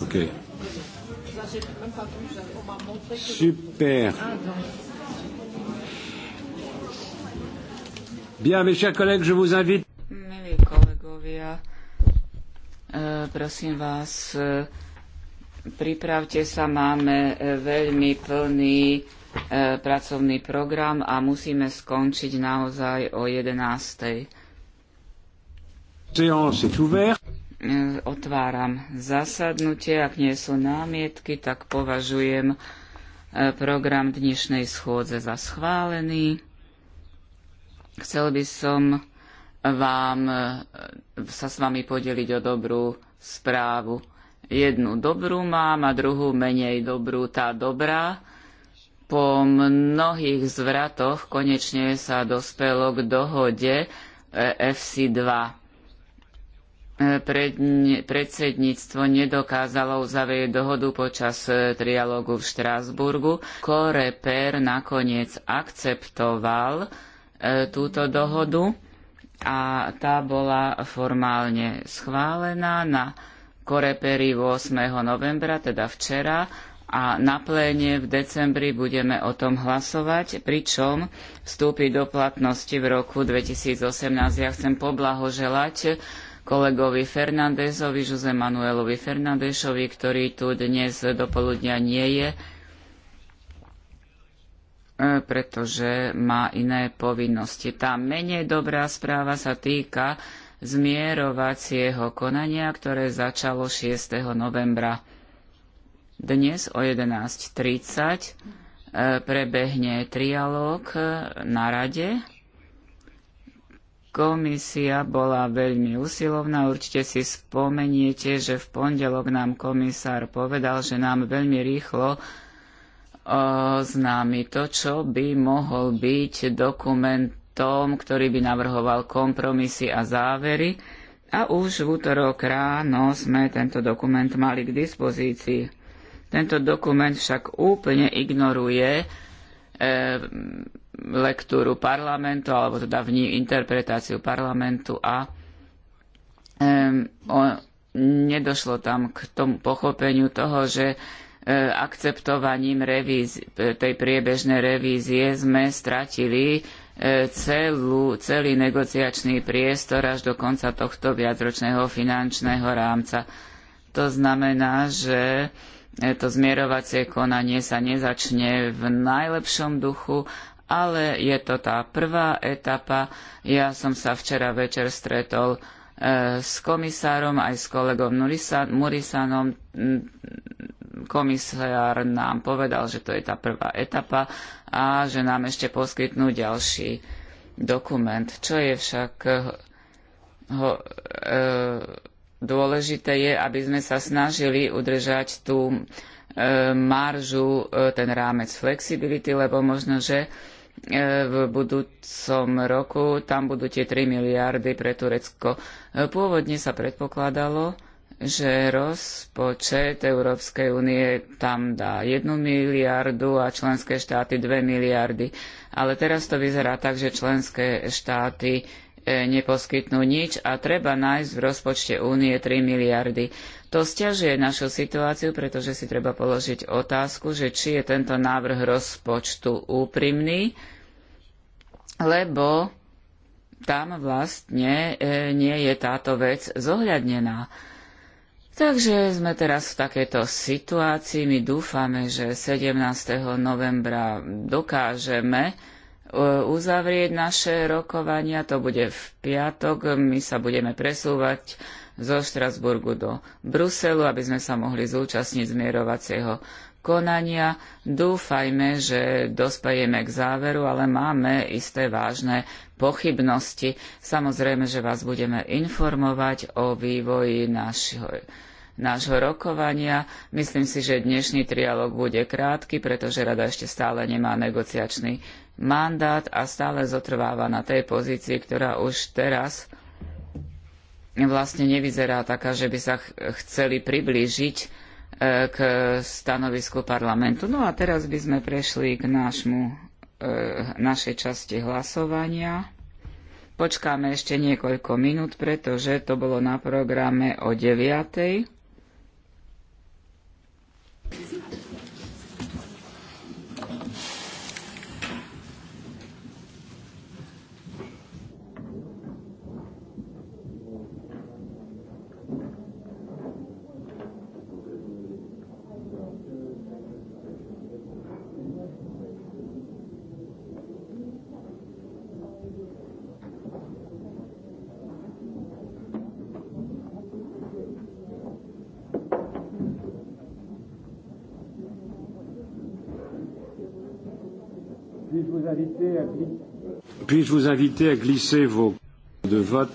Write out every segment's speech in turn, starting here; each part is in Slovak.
Ok. Super. Ah, Bien, mes chers collègues, je vous invite. Milí kolegovia, eh, prosím vás, eh, pripravte sa, máme eh, veľmi plný pracovný program a musíme skončiť naozaj o 11. Séance est ouverte. E, otváram zasadnutie. Ak nie sú námietky, tak považujem e, program dnešnej schôdze za schválený. Chcel by som vám, e, sa s vami podeliť o dobrú správu. Jednu dobrú mám a druhú menej dobrú. Tá dobrá po mnohých zvratoch konečne sa dospelo k dohode FC2 predsedníctvo nedokázalo uzavrieť dohodu počas e, trialógu v Štrásburgu. Koreper nakoniec akceptoval e, túto dohodu a tá bola formálne schválená na Koreperi 8. novembra, teda včera, a na pléne v decembri budeme o tom hlasovať, pričom vstúpi do platnosti v roku 2018. Ja chcem poblahoželať kolegovi Fernandezovi, Jose Manuelovi Fernandešovi, ktorý tu dnes do poludnia nie je, e, pretože má iné povinnosti. Tá menej dobrá správa sa týka zmierovacieho konania, ktoré začalo 6. novembra. Dnes o 11.30 e, prebehne trialóg e, na rade Komisia bola veľmi usilovná. Určite si spomeniete, že v pondelok nám komisár povedal, že nám veľmi rýchlo e, známi to, čo by mohol byť dokumentom, ktorý by navrhoval kompromisy a závery. A už v útorok ráno sme tento dokument mali k dispozícii. Tento dokument však úplne ignoruje e, lektúru parlamentu, alebo teda v ní interpretáciu parlamentu a um, on, nedošlo tam k tomu pochopeniu toho, že e, akceptovaním revízi, tej priebežnej revízie sme stratili e, celú, celý negociačný priestor až do konca tohto viacročného finančného rámca. To znamená, že e, to zmierovacie konanie sa nezačne v najlepšom duchu ale je to tá prvá etapa. Ja som sa včera večer stretol e, s komisárom, aj s kolegom Murisanom. Mm, komisár nám povedal, že to je tá prvá etapa a že nám ešte poskytnú ďalší dokument. Čo je však e, ho, e, dôležité je, aby sme sa snažili udržať tú e, maržu, e, ten rámec flexibility, lebo možno, že e, E, v budúcom roku tam budú tie 3 miliardy pre Turecko. E, pôvodne sa predpokladalo, že rozpočet Európskej únie tam dá 1 miliardu a členské štáty 2 miliardy. Ale teraz to vyzerá tak, že členské štáty e, neposkytnú nič a treba nájsť v rozpočte únie 3 miliardy. To stiažuje našu situáciu, pretože si treba položiť otázku, že či je tento návrh rozpočtu úprimný, lebo tam vlastne e, nie je táto vec zohľadnená. Takže sme teraz v takejto situácii. My dúfame, že 17. novembra dokážeme e, uzavrieť naše rokovania. To bude v piatok. My sa budeme presúvať zo Štrasburgu do Bruselu, aby sme sa mohli zúčastniť zmierovacieho konania. Dúfajme, že dospejeme k záveru, ale máme isté vážne pochybnosti. Samozrejme, že vás budeme informovať o vývoji našho, nášho rokovania. Myslím si, že dnešný trialog bude krátky, pretože rada ešte stále nemá negociačný mandát a stále zotrváva na tej pozícii, ktorá už teraz vlastne nevyzerá taká, že by sa chceli priblížiť e, k stanovisku parlamentu. No a teraz by sme prešli k nášmu, e, našej časti hlasovania. Počkáme ešte niekoľko minút, pretože to bolo na programe o deviatej.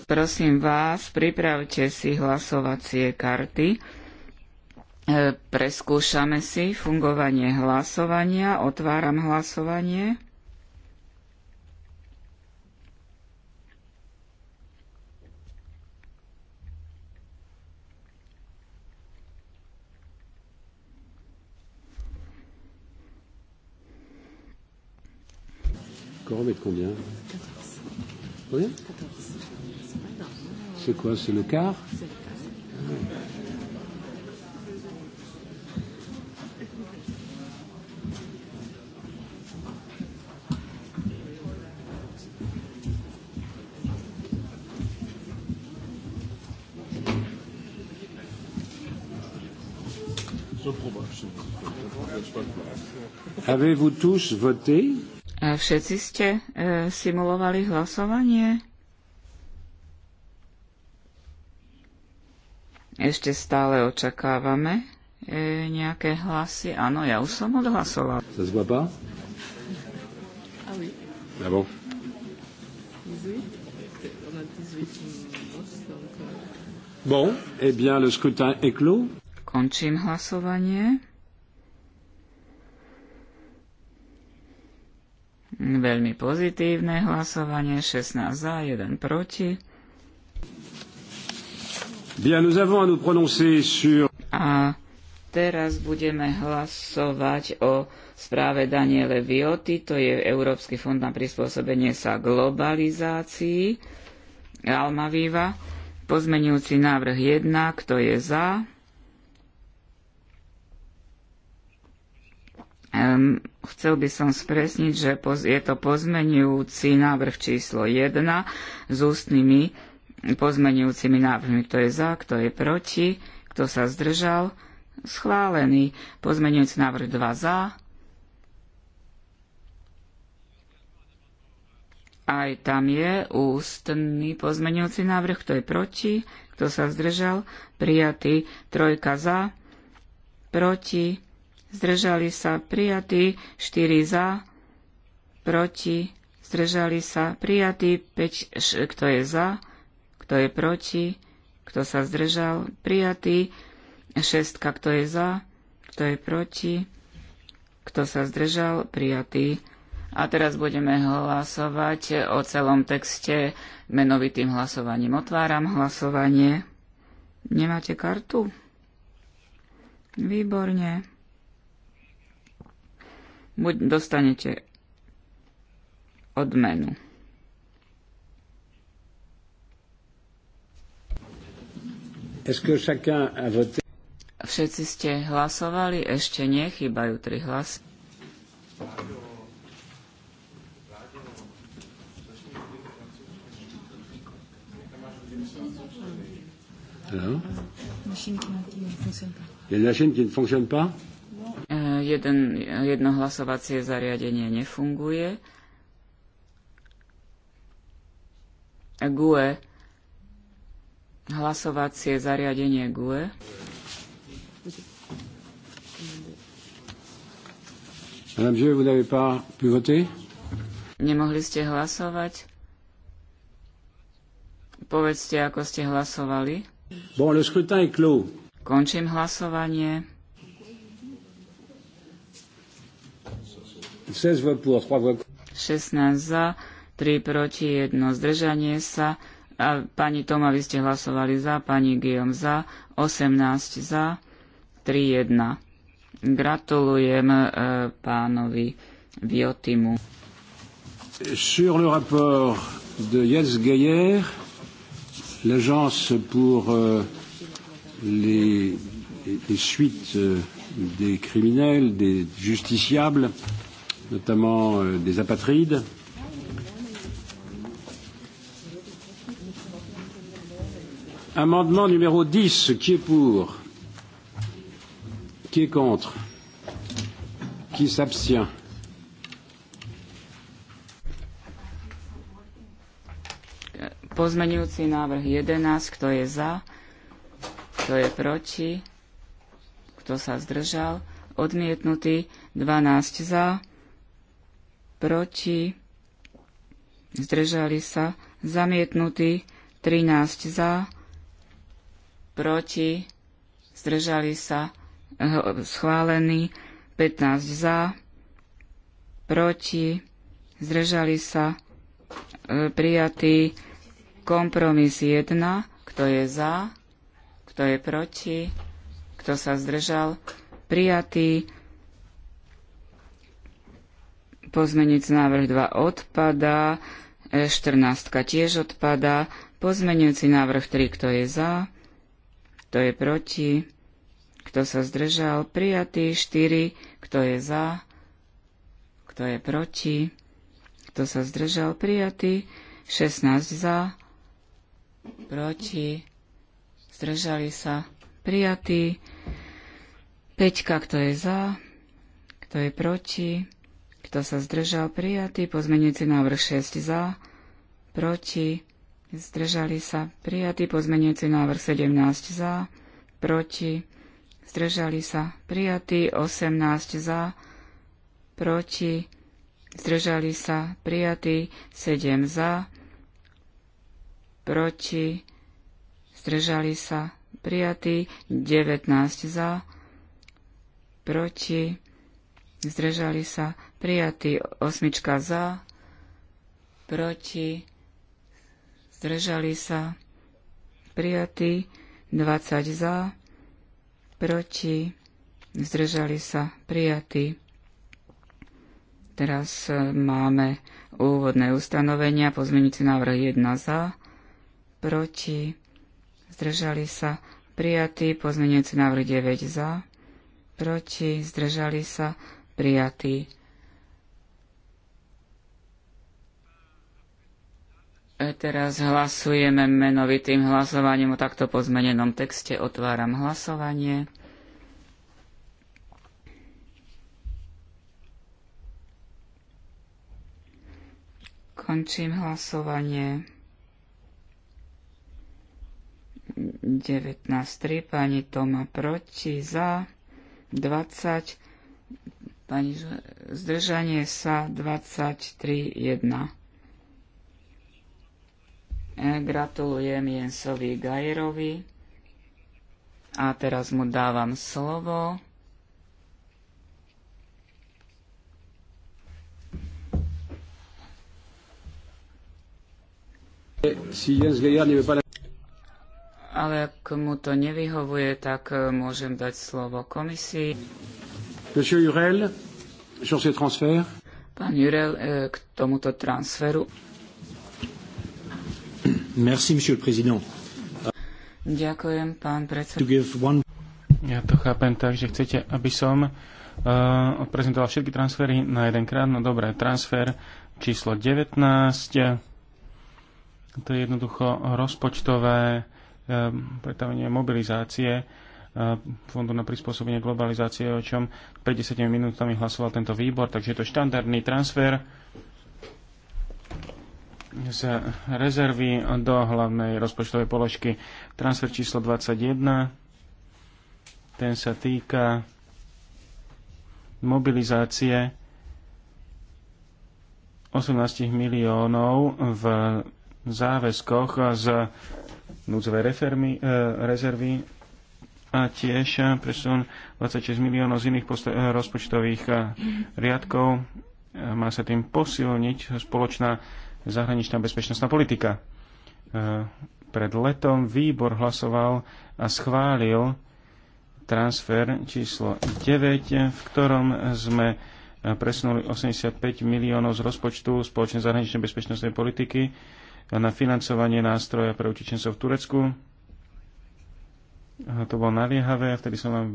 Prosím vás, pripravte si hlasovacie karty. E, preskúšame si fungovanie hlasovania. Otváram hlasovanie. encore remettre combien 14. Combien 14. C'est quoi C'est le quart C'est le quart. Avez-vous tous voté Všetci ste e, simulovali hlasovanie? Ešte stále očakávame e, nejaké hlasy. Áno, ja už som odhlasoval. Ça se voit pas? Ah oui. 18 Bon, eh bien, le scrutin est clos. Končím hlasovanie. veľmi pozitívne hlasovanie, 16 za, 1 proti. Bien, nous avons à nous prononcer sur... A teraz budeme hlasovať o správe Daniele Vioty, to je Európsky fond na prispôsobenie sa globalizácii. Almaviva. Pozmenujúci návrh 1, kto je za? Um, chcel by som spresniť, že poz, je to pozmenujúci návrh číslo 1 s ústnymi pozmenujúcimi návrhmi. Kto je za, kto je proti, kto sa zdržal. Schválený pozmenujúci návrh 2 za. Aj tam je ústny pozmenujúci návrh, kto je proti, kto sa zdržal. Prijatý trojka za, proti, zdržali sa prijatí, 4 za, proti, zdržali sa prijatí, 5, kto je za, kto je proti, kto sa zdržal, prijatý, 6, kto je za, kto je proti, kto sa zdržal, prijatý. A teraz budeme hlasovať o celom texte menovitým hlasovaním. Otváram hlasovanie. Nemáte kartu? Výborne buď dostanete odmenu. Všetci ste hlasovali, ešte nie, chýbajú tri hlasy. Alors Il y a une machine qui ne fonctionne pas. Jeden, jedno hlasovacie zariadenie nefunguje. GUE. Hlasovacie zariadenie GUE. Madame Dieu, vous n'avez pas pu voter Nemohli ste hlasovať? Povedzte, ako ste hlasovali. Bon, le scrutin est clos. Končím hlasovanie. 16 za, 3 proti, 1 zdržanie sa. A pani Toma, vy ste hlasovali za, pani Guillaume za, 18 za, 3 1. Gratulujem e, pánovi Viotimu. Sur le rapport de Jens Geyer, l'agence pour euh, les, les suites euh, des criminels, des justiciables, euh, notamment euh, des apatrides. Amendement numéro 10, qui est pour Qui est contre Qui s'abstient Pozmeňujúci návrh 11, kto je za, kto je proti, kto sa zdržal, odmietnutý 12 za, proti, zdržali sa, zamietnutý, 13 za, proti, zdržali sa, schválený, 15 za, proti, zdržali sa, e, prijatý, kompromis 1, kto je za, kto je proti, kto sa zdržal, prijatý, pozmeniť návrh 2 odpada, e 14 tiež odpada, pozmeniujúci návrh 3, kto je za, kto je proti, kto sa zdržal, prijatý 4, kto je za, kto je proti, kto sa zdržal, prijatý 16 za, proti, zdržali sa, prijatý 5, kto je za, kto je proti, kto sa zdržal? Prijatý. Pozmenujúci návrh 6 za. Proti. Zdržali sa. Prijatý. Pozmenujúci návrh 17 za. Proti. Zdržali sa. Prijatý. 18 za. Proti. Zdržali sa. Prijatý. 7 za. Proti. Zdržali sa. Prijatý. 19 za. Proti. Zdržali sa prijatý. Osmička za, proti, zdržali sa, prijatý. 20 za, proti, zdržali sa, prijatý. Teraz e, máme úvodné ustanovenia, pozmeňujúci návrh 1 za, proti, zdržali sa, prijatý, pozmeňujúci návrh 9 za, proti, zdržali sa, prijatý. Teraz hlasujeme menovitým hlasovaním o takto pozmenenom texte. Otváram hlasovanie. Končím hlasovanie. 19.3. Pani Toma proti, za 20. Pani zdržanie sa 23.1. Gratulujem Jensovi Gajerovi. A teraz mu dávam slovo. Ale ak mu to nevyhovuje, tak e, môžem dať slovo komisii. Monsieur Jurel, sur ces transferts. Pán Jurel, e, k tomuto transferu. Merci, monsieur le président. Ďakujem, pán predseda. Ja to chápem tak, že chcete, aby som uh, odprezentoval všetky transfery na jedenkrát. No dobré, transfer číslo 19. To je jednoducho rozpočtové um, mobilizácie eh, Fondu na prispôsobenie globalizácie, o čom pred 10 minútami hlasoval tento výbor, takže je to štandardný transfer z rezervy do hlavnej rozpočtovej položky. Transfer číslo 21, ten sa týka mobilizácie 18 miliónov v záväzkoch z núdzovej e, rezervy a tiež presun 26 miliónov z iných e, rozpočtových e, riadkov. E, má sa tým posilniť spoločná zahraničná bezpečnostná politika. E, pred letom výbor hlasoval a schválil transfer číslo 9, v ktorom sme presunuli 85 miliónov z rozpočtu spoločnej zahraničnej bezpečnostnej politiky na financovanie nástroja pre utečencov v Turecku. To bolo naliehavé, vtedy som vám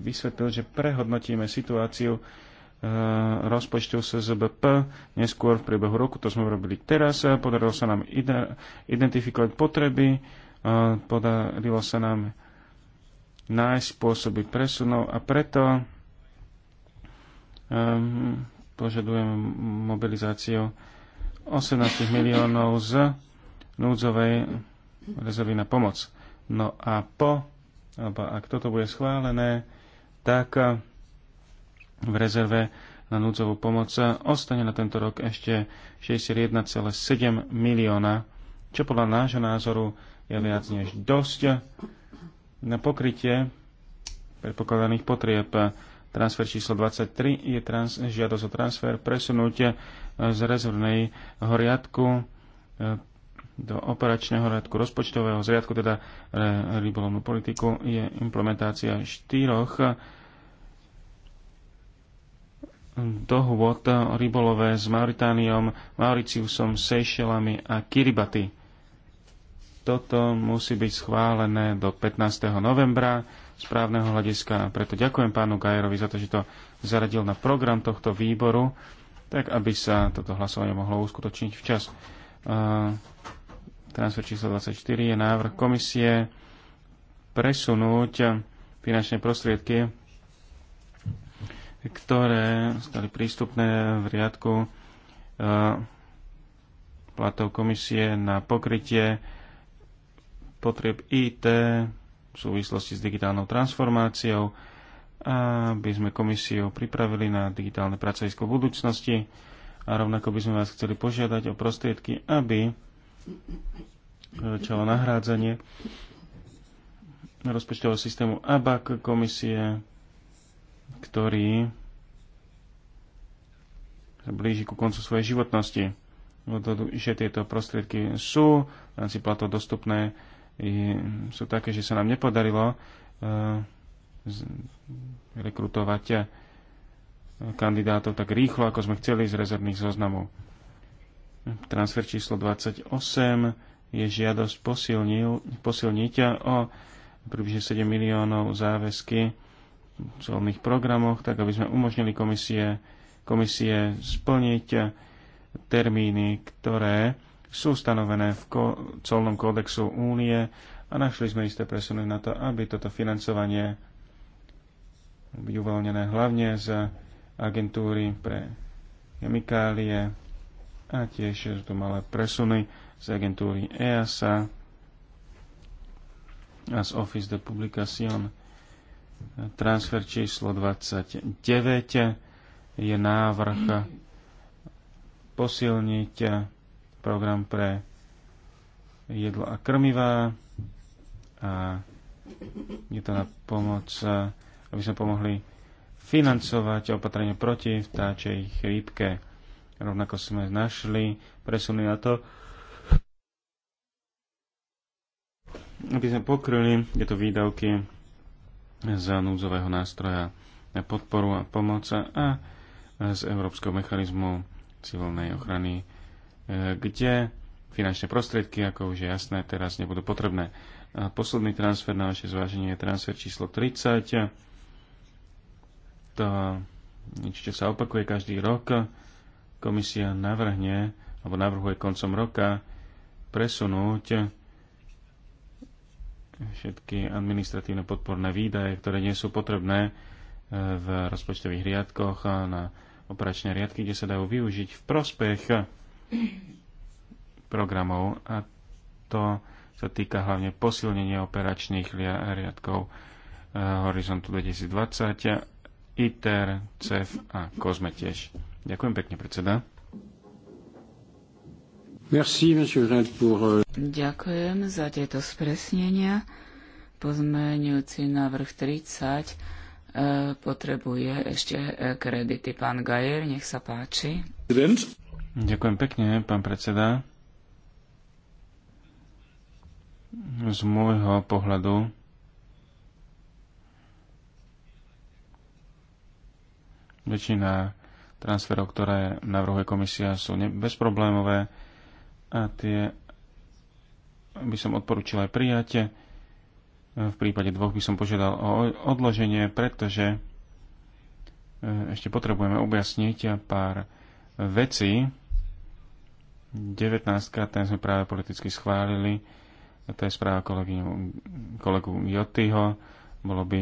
vysvetlil, že prehodnotíme situáciu Eh, rozpočtu SZBP neskôr v priebehu roku. To sme robili teraz. Eh, podarilo sa nám identifikovať potreby, eh, podarilo sa nám nájsť spôsoby presunov a preto ehm, požadujeme mobilizáciu 18 miliónov z núdzovej rezervy na pomoc. No a po, alebo ak toto bude schválené, tak v rezerve na núdzovú pomoc ostane na tento rok ešte 61,7 milióna, čo podľa nášho názoru je viac než dosť na pokrytie predpokladaných potrieb. Transfer číslo 23 je trans, žiadosť o transfer presunutie z rezervnej horiadku eh, do operačného riadku rozpočtového zriadku, teda eh, rybolovnú politiku, je implementácia štyroch dohôd rybolové s Mauritániom, Mauriciusom, Sejšelami a Kiribati. Toto musí byť schválené do 15. novembra správneho hľadiska. Preto ďakujem pánu Gajerovi za to, že to zaradil na program tohto výboru, tak aby sa toto hlasovanie mohlo uskutočniť včas. Transfer číslo 24 je návrh komisie presunúť finančné prostriedky ktoré stali prístupné v riadku e, platov komisie na pokrytie potrieb IT v súvislosti s digitálnou transformáciou, aby sme komisiu pripravili na digitálne pracovisko v budúcnosti a rovnako by sme vás chceli požiadať o prostriedky, aby začalo nahrádzanie rozpočtového systému ABAC komisie ktorý sa blíži ku koncu svojej životnosti. Že tieto prostriedky sú v rámci platov dostupné, sú také, že sa nám nepodarilo e, rekrutovať e, kandidátov tak rýchlo, ako sme chceli z rezervných zoznamov. Transfer číslo 28 je žiadosť posilniť o približne 7 miliónov záväzky celných programoch, tak aby sme umožnili komisie, komisie splniť termíny, ktoré sú stanovené v ko- colnom kódexu únie a našli sme isté presuny na to, aby toto financovanie byť uvoľnené hlavne z agentúry pre chemikálie a tiež sú tu malé presuny z agentúry EASA a z Office de Publication transfer číslo 29 je návrh posilniť program pre jedlo a krmivá a je to na pomoc, aby sme pomohli financovať opatrenie proti vtáčej chrípke. Rovnako sme našli presuny na to, aby sme pokryli tieto výdavky z núdzového nástroja na podporu a pomoc a z Európskeho mechanizmu civilnej ochrany, e, kde finančné prostriedky, ako už je jasné, teraz nebudú potrebné. A posledný transfer na vaše zváženie je transfer číslo 30. To niečo, čo sa opakuje každý rok. Komisia navrhne, alebo navrhuje koncom roka presunúť všetky administratívne podporné výdaje, ktoré nie sú potrebné e, v rozpočtových riadkoch a na operačné riadky, kde sa dajú využiť v prospech programov a to sa týka hlavne posilnenia operačných riadkov e, Horizontu 2020, ITER, CEF a COSME tiež. Ďakujem pekne, predseda. Merci, Red, pour... Euh, Ďakujem za tieto spresnenia. Pozmeňujúci návrh 30 e, potrebuje ešte e, kredity. Pán Gajer, nech sa páči. Ďakujem pekne, pán predseda. Z môjho pohľadu väčšina transferov, ktoré navrhuje komisia, sú bezproblémové a tie by som odporúčil aj prijatie. V prípade dvoch by som požiadal o odloženie, pretože e, ešte potrebujeme objasniť pár vecí. 19. ten sme práve politicky schválili. To je správa kolegu, kolegu Jotyho. Bolo by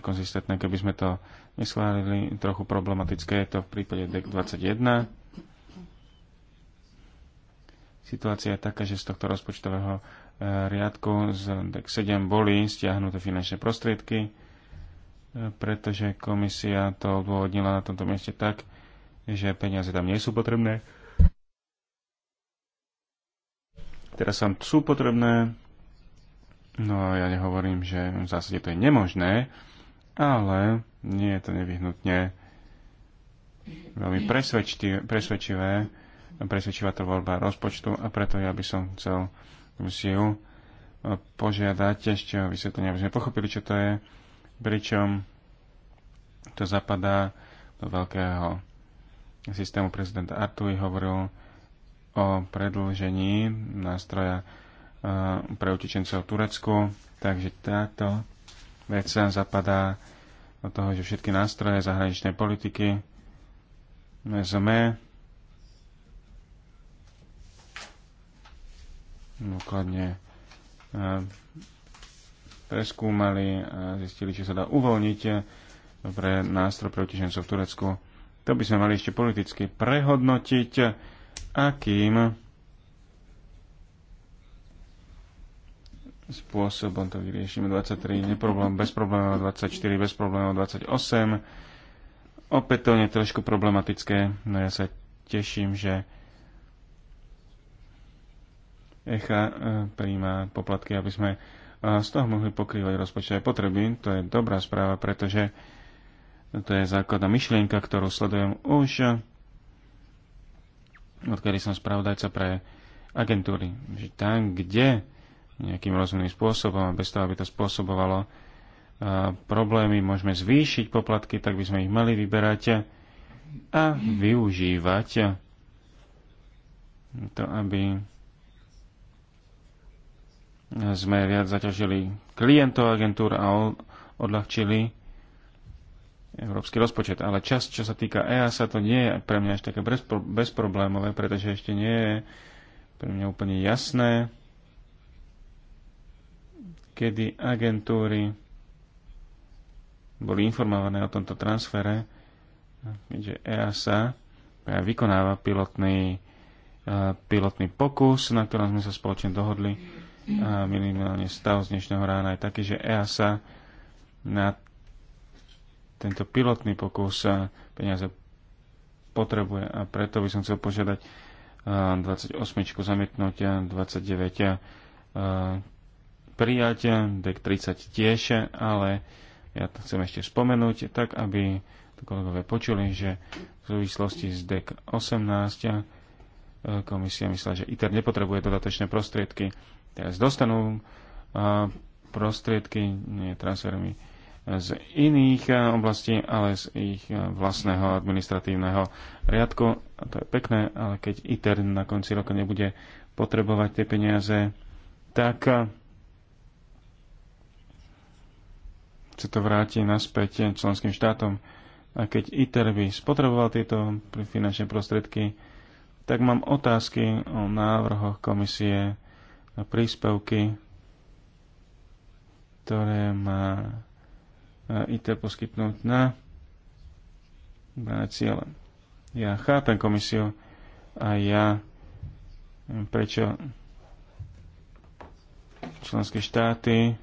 nekonzistentné, keby sme to neschválili. Trochu problematické je to v prípade DEC 21 Situácia je taká, že z tohto rozpočtového e, riadku z DEC 7 boli stiahnuté finančné prostriedky, e, pretože komisia to odôvodnila na tomto mieste tak, že peniaze tam nie sú potrebné. Teraz tam sú potrebné, no ja nehovorím, že v zásade to je nemožné, ale nie je to nevyhnutne veľmi presvedčivé, presvedčivá to voľba rozpočtu a preto ja by som chcel ju e, požiadať ešte o vysvetlenie, aby sme pochopili, čo to je, pričom to zapadá do veľkého systému. Prezident Artuj hovoril o predlžení nástroja e, pre utečencov v Turecku, takže táto vec sa zapadá do toho, že všetky nástroje zahraničnej politiky sme dôkladne eh, preskúmali a zistili, či sa dá uvoľniť eh, pre nástroj pre utečencov v Turecku. To by sme mali ešte politicky prehodnotiť, akým spôsobom to vyriešime. 23 neproblém, bez problémov, 24 bez problémov, 28 opätovne trošku problematické, no ja sa teším, že ECHA e, príjma poplatky, aby sme e, z toho mohli pokrývať rozpočtové potreby. To je dobrá správa, pretože to je základná myšlienka, ktorú sledujem už e, odkedy som spravodajca pre agentúry. Že tam, kde nejakým rozumným spôsobom, a bez toho, aby to spôsobovalo problémy, môžeme zvýšiť poplatky, tak by sme ich mali vyberať a využívať to, aby sme viac zaťažili klientov agentúr a odľahčili európsky rozpočet. Ale čas, čo sa týka EASA, to nie je pre mňa až také bezproblémové, pretože ešte nie je pre mňa úplne jasné, kedy agentúry boli informované o tomto transfere, keďže EASA vykonáva pilotný, e, pilotný pokus, na ktorom sme sa spoločne dohodli a minimálne stav z dnešného rána je taký, že EASA na tento pilotný pokus peniaze potrebuje a preto by som chcel požiadať 28 zamietnúť, 29 prijať, DEC 30 tiež, ale ja to chcem ešte spomenúť, tak aby to kolegové počuli, že v súvislosti s DEC 18 komisia myslela, že ITER nepotrebuje dodatočné prostriedky teraz dostanú prostriedky, nie transfermi z iných oblastí, ale z ich vlastného administratívneho riadku. A to je pekné, ale keď ITER na konci roka nebude potrebovať tie peniaze, tak sa to vráti naspäť členským štátom. A keď ITER by spotreboval tieto finančné prostriedky, tak mám otázky o návrhoch komisie na príspevky, ktoré má e, IT poskytnúť na ciele. Ja chápem komisiu a ja e, prečo členské štáty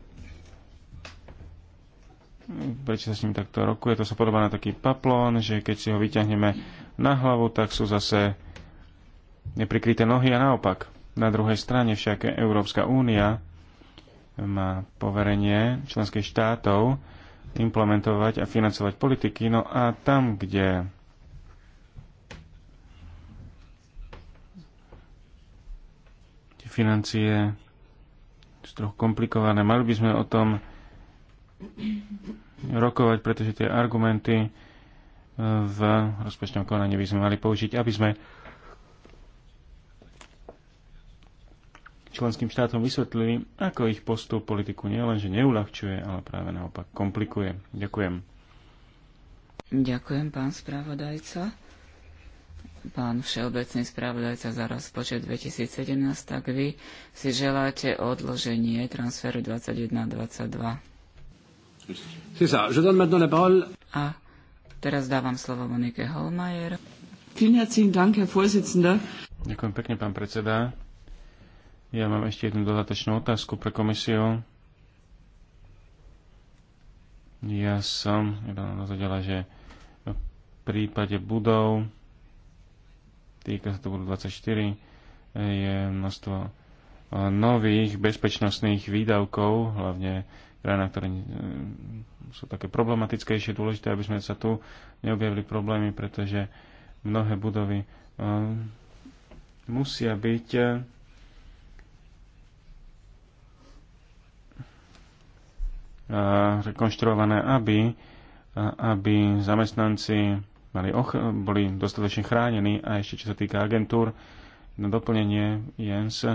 prečo sa s ním takto rokuje. To sa podobá na taký paplón, že keď si ho vyťahneme na hlavu, tak sú zase neprikryté nohy a naopak. Na druhej strane však Európska únia má poverenie členských štátov implementovať a financovať politiky, no a tam, kde tie financie sú trochu komplikované, mali by sme o tom rokovať, pretože tie argumenty v rozpočtovom konaní by sme mali použiť, aby sme členským štátom vysvetlili, ako ich postup politiku nielenže neulahčuje, ale práve naopak komplikuje. Ďakujem. Ďakujem, pán spravodajca. Pán všeobecný spravodajca za rozpočet 2017, tak vy si želáte odloženie transferu 21-22. A teraz dávam slovo Monike Holmajer. Ďakujem pekne, pán predseda. Ja mám ešte jednu dodatočnú otázku pre komisiu. Ja som dozvedela, že v prípade budov, týka sa to budú 24, je množstvo e, nových bezpečnostných výdavkov, hlavne krajina, ktoré e, sú také problematickejšie, dôležité, aby sme sa tu neobjavili problémy, pretože mnohé budovy e, musia byť rekonštruované, aby, aby zamestnanci mali och- boli dostatočne chránení. A ešte čo sa týka agentúr, na doplnenie Jens,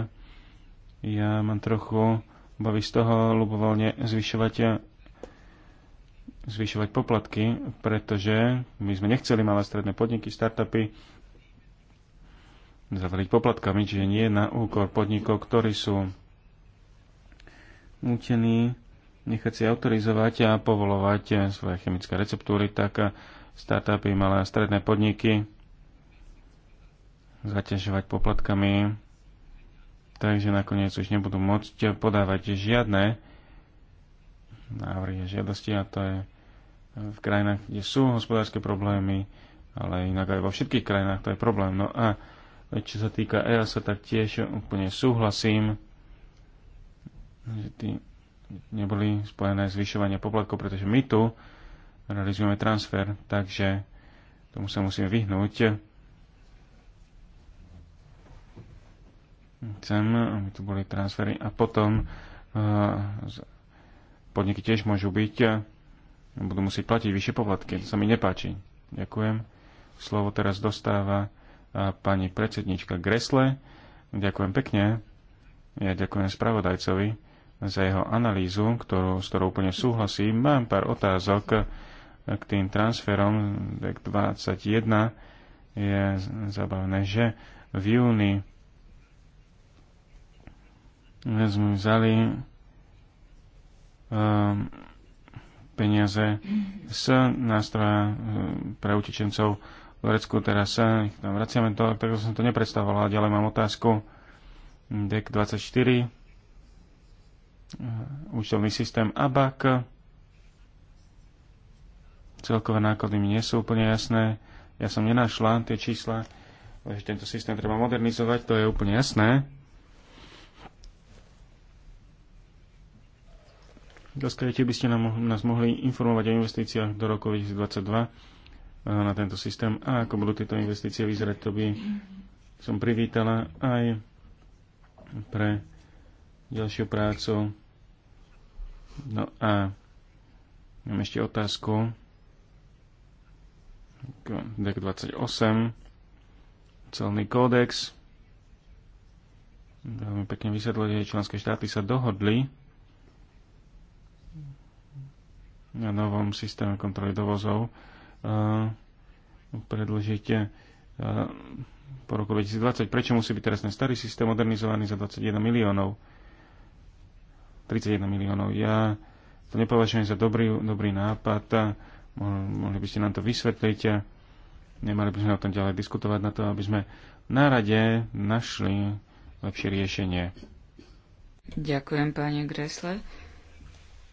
ja mám trochu obavy z toho ľubovoľne zvyšovať zvyšovať poplatky, pretože my sme nechceli malé stredné podniky, startupy zavaliť poplatkami, čiže nie na úkor podnikov, ktorí sú nútení nechať si autorizovať a povolovať svoje chemické receptúry, tak startupy, malé a stredné podniky zaťažovať poplatkami, takže nakoniec už nebudú môcť podávať žiadne návrhy žiadosti a to je v krajinách, kde sú hospodárske problémy, ale inak aj vo všetkých krajinách to je problém. No a čo sa týka EASA, tak tiež úplne súhlasím, že tým neboli spojené zvyšovanie poplatkov, pretože my tu realizujeme transfer, takže tomu sa musíme vyhnúť. Chcem, aby tu boli transfery a potom eh, podniky tiež môžu byť eh, budú musieť platiť vyššie poplatky. To sa mi nepáči. Ďakujem. Slovo teraz dostáva eh, pani predsednička Gresle. Ďakujem pekne. Ja ďakujem spravodajcovi za jeho analýzu, ktorú, s ktorou úplne súhlasím. Mám pár otázok k tým transferom. Dek 21 je zabavné, že v júni sme vzali um, peniaze z nástroja ehm, pre utečencov v Lorecku. Teraz sa tam vraciame to, tak som to nepredstavoval. Ďalej mám otázku. Dek 24 účtovný systém ABAC. Celkové náklady mi nie sú úplne jasné. Ja som nenašla tie čísla, že tento systém treba modernizovať, to je úplne jasné. Doskajte by ste nám, nás mohli informovať o investíciách do roku 2022 e, na tento systém a ako budú tieto investície vyzerať, to by som privítala aj pre ďalšiu prácu. No a mám ešte otázku. Dek 28, celný kódex. Veľmi pekne vysvetľuje, že členské štáty sa dohodli na novom systéme kontroly dovozov. Uh, predlžite uh, po roku 2020. Prečo musí byť teraz ten starý systém modernizovaný za 21 miliónov? 31 miliónov. Ja to nepovažujem za dobrý, dobrý nápad. Mohli by ste nám to vysvetliť. Nemali by sme o tom ďalej diskutovať na to, aby sme na rade našli lepšie riešenie. Ďakujem, pani Gresle.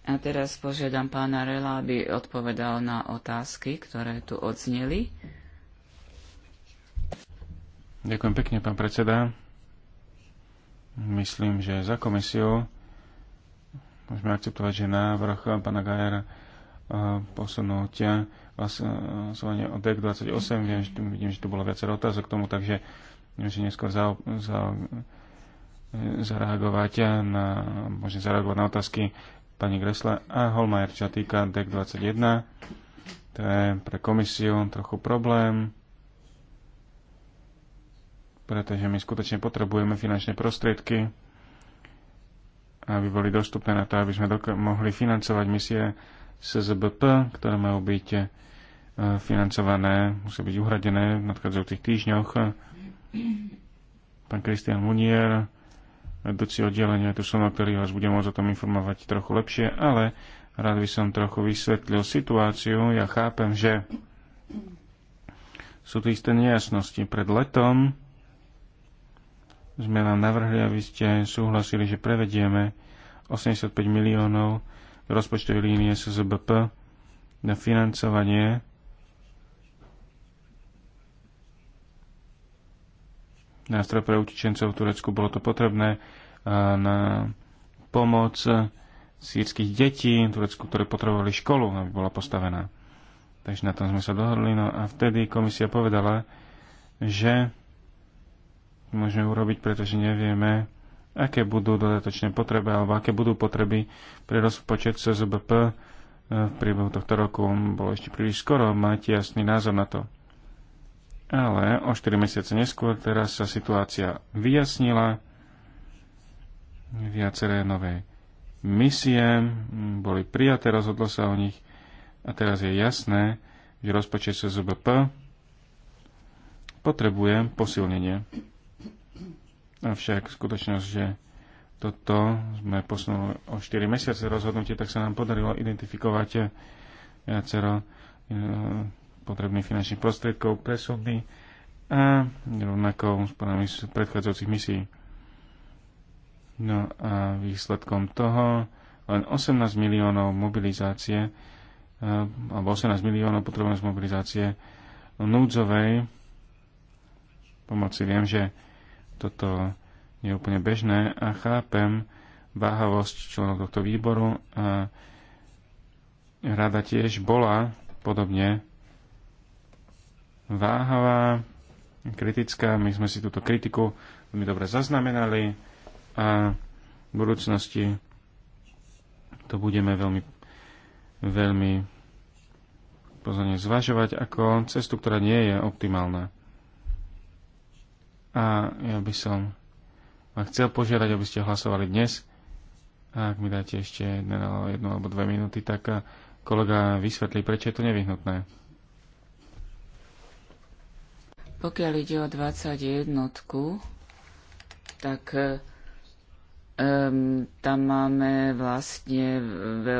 A teraz požiadam pána Rela, aby odpovedal na otázky, ktoré tu odzneli. Ďakujem pekne, pán predseda. Myslím, že za komisiu môžeme akceptovať, že návrh pána Gajera eh, posunúť eh, hlasovanie o DEC 28. Viem, že tu, vidím, že tu bolo viacero otázok k tomu, takže môžem neskôr za, za, zareagovať na, môžem zareagovať na otázky pani Gresle a Holmajer, čo týka DEC 21. To je pre komisiu trochu problém, pretože my skutočne potrebujeme finančné prostriedky aby boli dostupné na to, aby sme mohli financovať misie SZBP, ktoré majú byť e, financované, musia byť uhradené v nadchádzajúcich týždňoch. Pán Kristian Munier, doci oddelenia, tu som, no, ktorý vás budem môcť o tom informovať trochu lepšie, ale rád by som trochu vysvetlil situáciu. Ja chápem, že sú tu isté nejasnosti. Pred letom sme vám navrhli, aby ste súhlasili, že prevedieme 85 miliónov rozpočtovej línie SZBP na financovanie nástroj pre utečencov v Turecku. Bolo to potrebné na pomoc sírskych detí v Turecku, ktoré potrebovali školu, aby bola postavená. Takže na tom sme sa dohodli. No a vtedy komisia povedala, že môžeme urobiť, pretože nevieme, aké budú dodatočné potreby alebo aké budú potreby pre rozpočet CZBP eh, v priebehu tohto roku. Bolo ešte príliš skoro mať jasný názor na to. Ale o 4 mesiace neskôr teraz sa situácia vyjasnila. Viaceré nové misie boli prijaté, rozhodlo sa o nich a teraz je jasné, že rozpočet CZBP potrebuje posilnenie. Avšak skutočnosť, že toto sme posunuli o 4 mesiace rozhodnutie, tak sa nám podarilo identifikovať eh, viacero eh, potrebných finančných prostriedkov, presuny a rovnako spomenami z predchádzajúcich misií. No a výsledkom toho len 18 miliónov mobilizácie eh, alebo 18 miliónov potrebujeme z mobilizácie núdzovej pomoci. Viem, že toto je úplne bežné a chápem váhavosť členov tohto výboru a rada tiež bola podobne váhavá, kritická. My sme si túto kritiku veľmi dobre zaznamenali a v budúcnosti to budeme veľmi, veľmi pozorne zvažovať ako cestu, ktorá nie je optimálna. A ja by som vám chcel požiadať, aby ste hlasovali dnes. A ak mi dáte ešte jednu alebo dve minúty, tak eh, kolega vysvetlí, prečo je to nevyhnutné. Pokiaľ ide o 21, tak um, tam máme vlastne ve,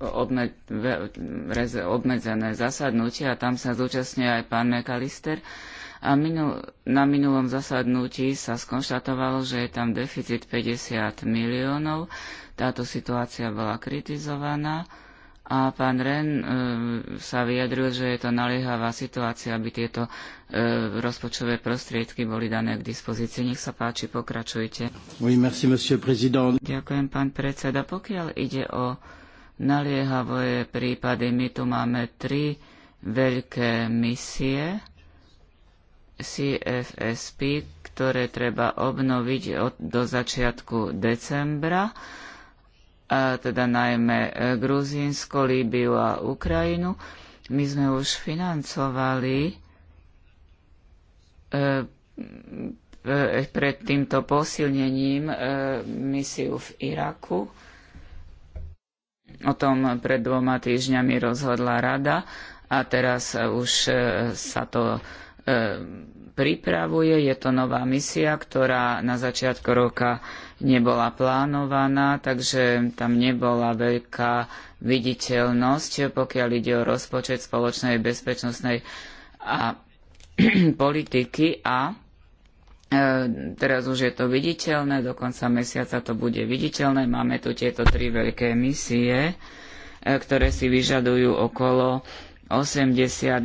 obme, ve, reze, obmedzené zasadnutie a tam sa zúčastňuje aj pán Mekalister. Uh, a minul, na minulom zasadnutí sa skonštatovalo, že je tam deficit 50 miliónov. Táto situácia bola kritizovaná a pán Ren e, sa vyjadril, že je to naliehavá situácia, aby tieto e, rozpočové prostriedky boli dané k dispozícii. Nech sa páči, pokračujte. Oui, merci, Ďakujem, pán predseda. Pokiaľ ide o naliehavé prípady, my tu máme tri veľké misie CFSP, ktoré treba obnoviť od, do začiatku decembra, a teda najmä e, Gruzínsko, Líbiu a Ukrajinu. My sme už financovali e, e pred týmto posilnením e, misiu v Iraku. O tom pred dvoma týždňami rozhodla rada a teraz už sa to Ehm, pripravuje. Je to nová misia, ktorá na začiatku roka nebola plánovaná, takže tam nebola veľká viditeľnosť, pokiaľ ide o rozpočet spoločnej bezpečnostnej a politiky a ehm, teraz už je to viditeľné, do konca mesiaca to bude viditeľné. Máme tu tieto tri veľké misie, ehm, ktoré si vyžadujú okolo 80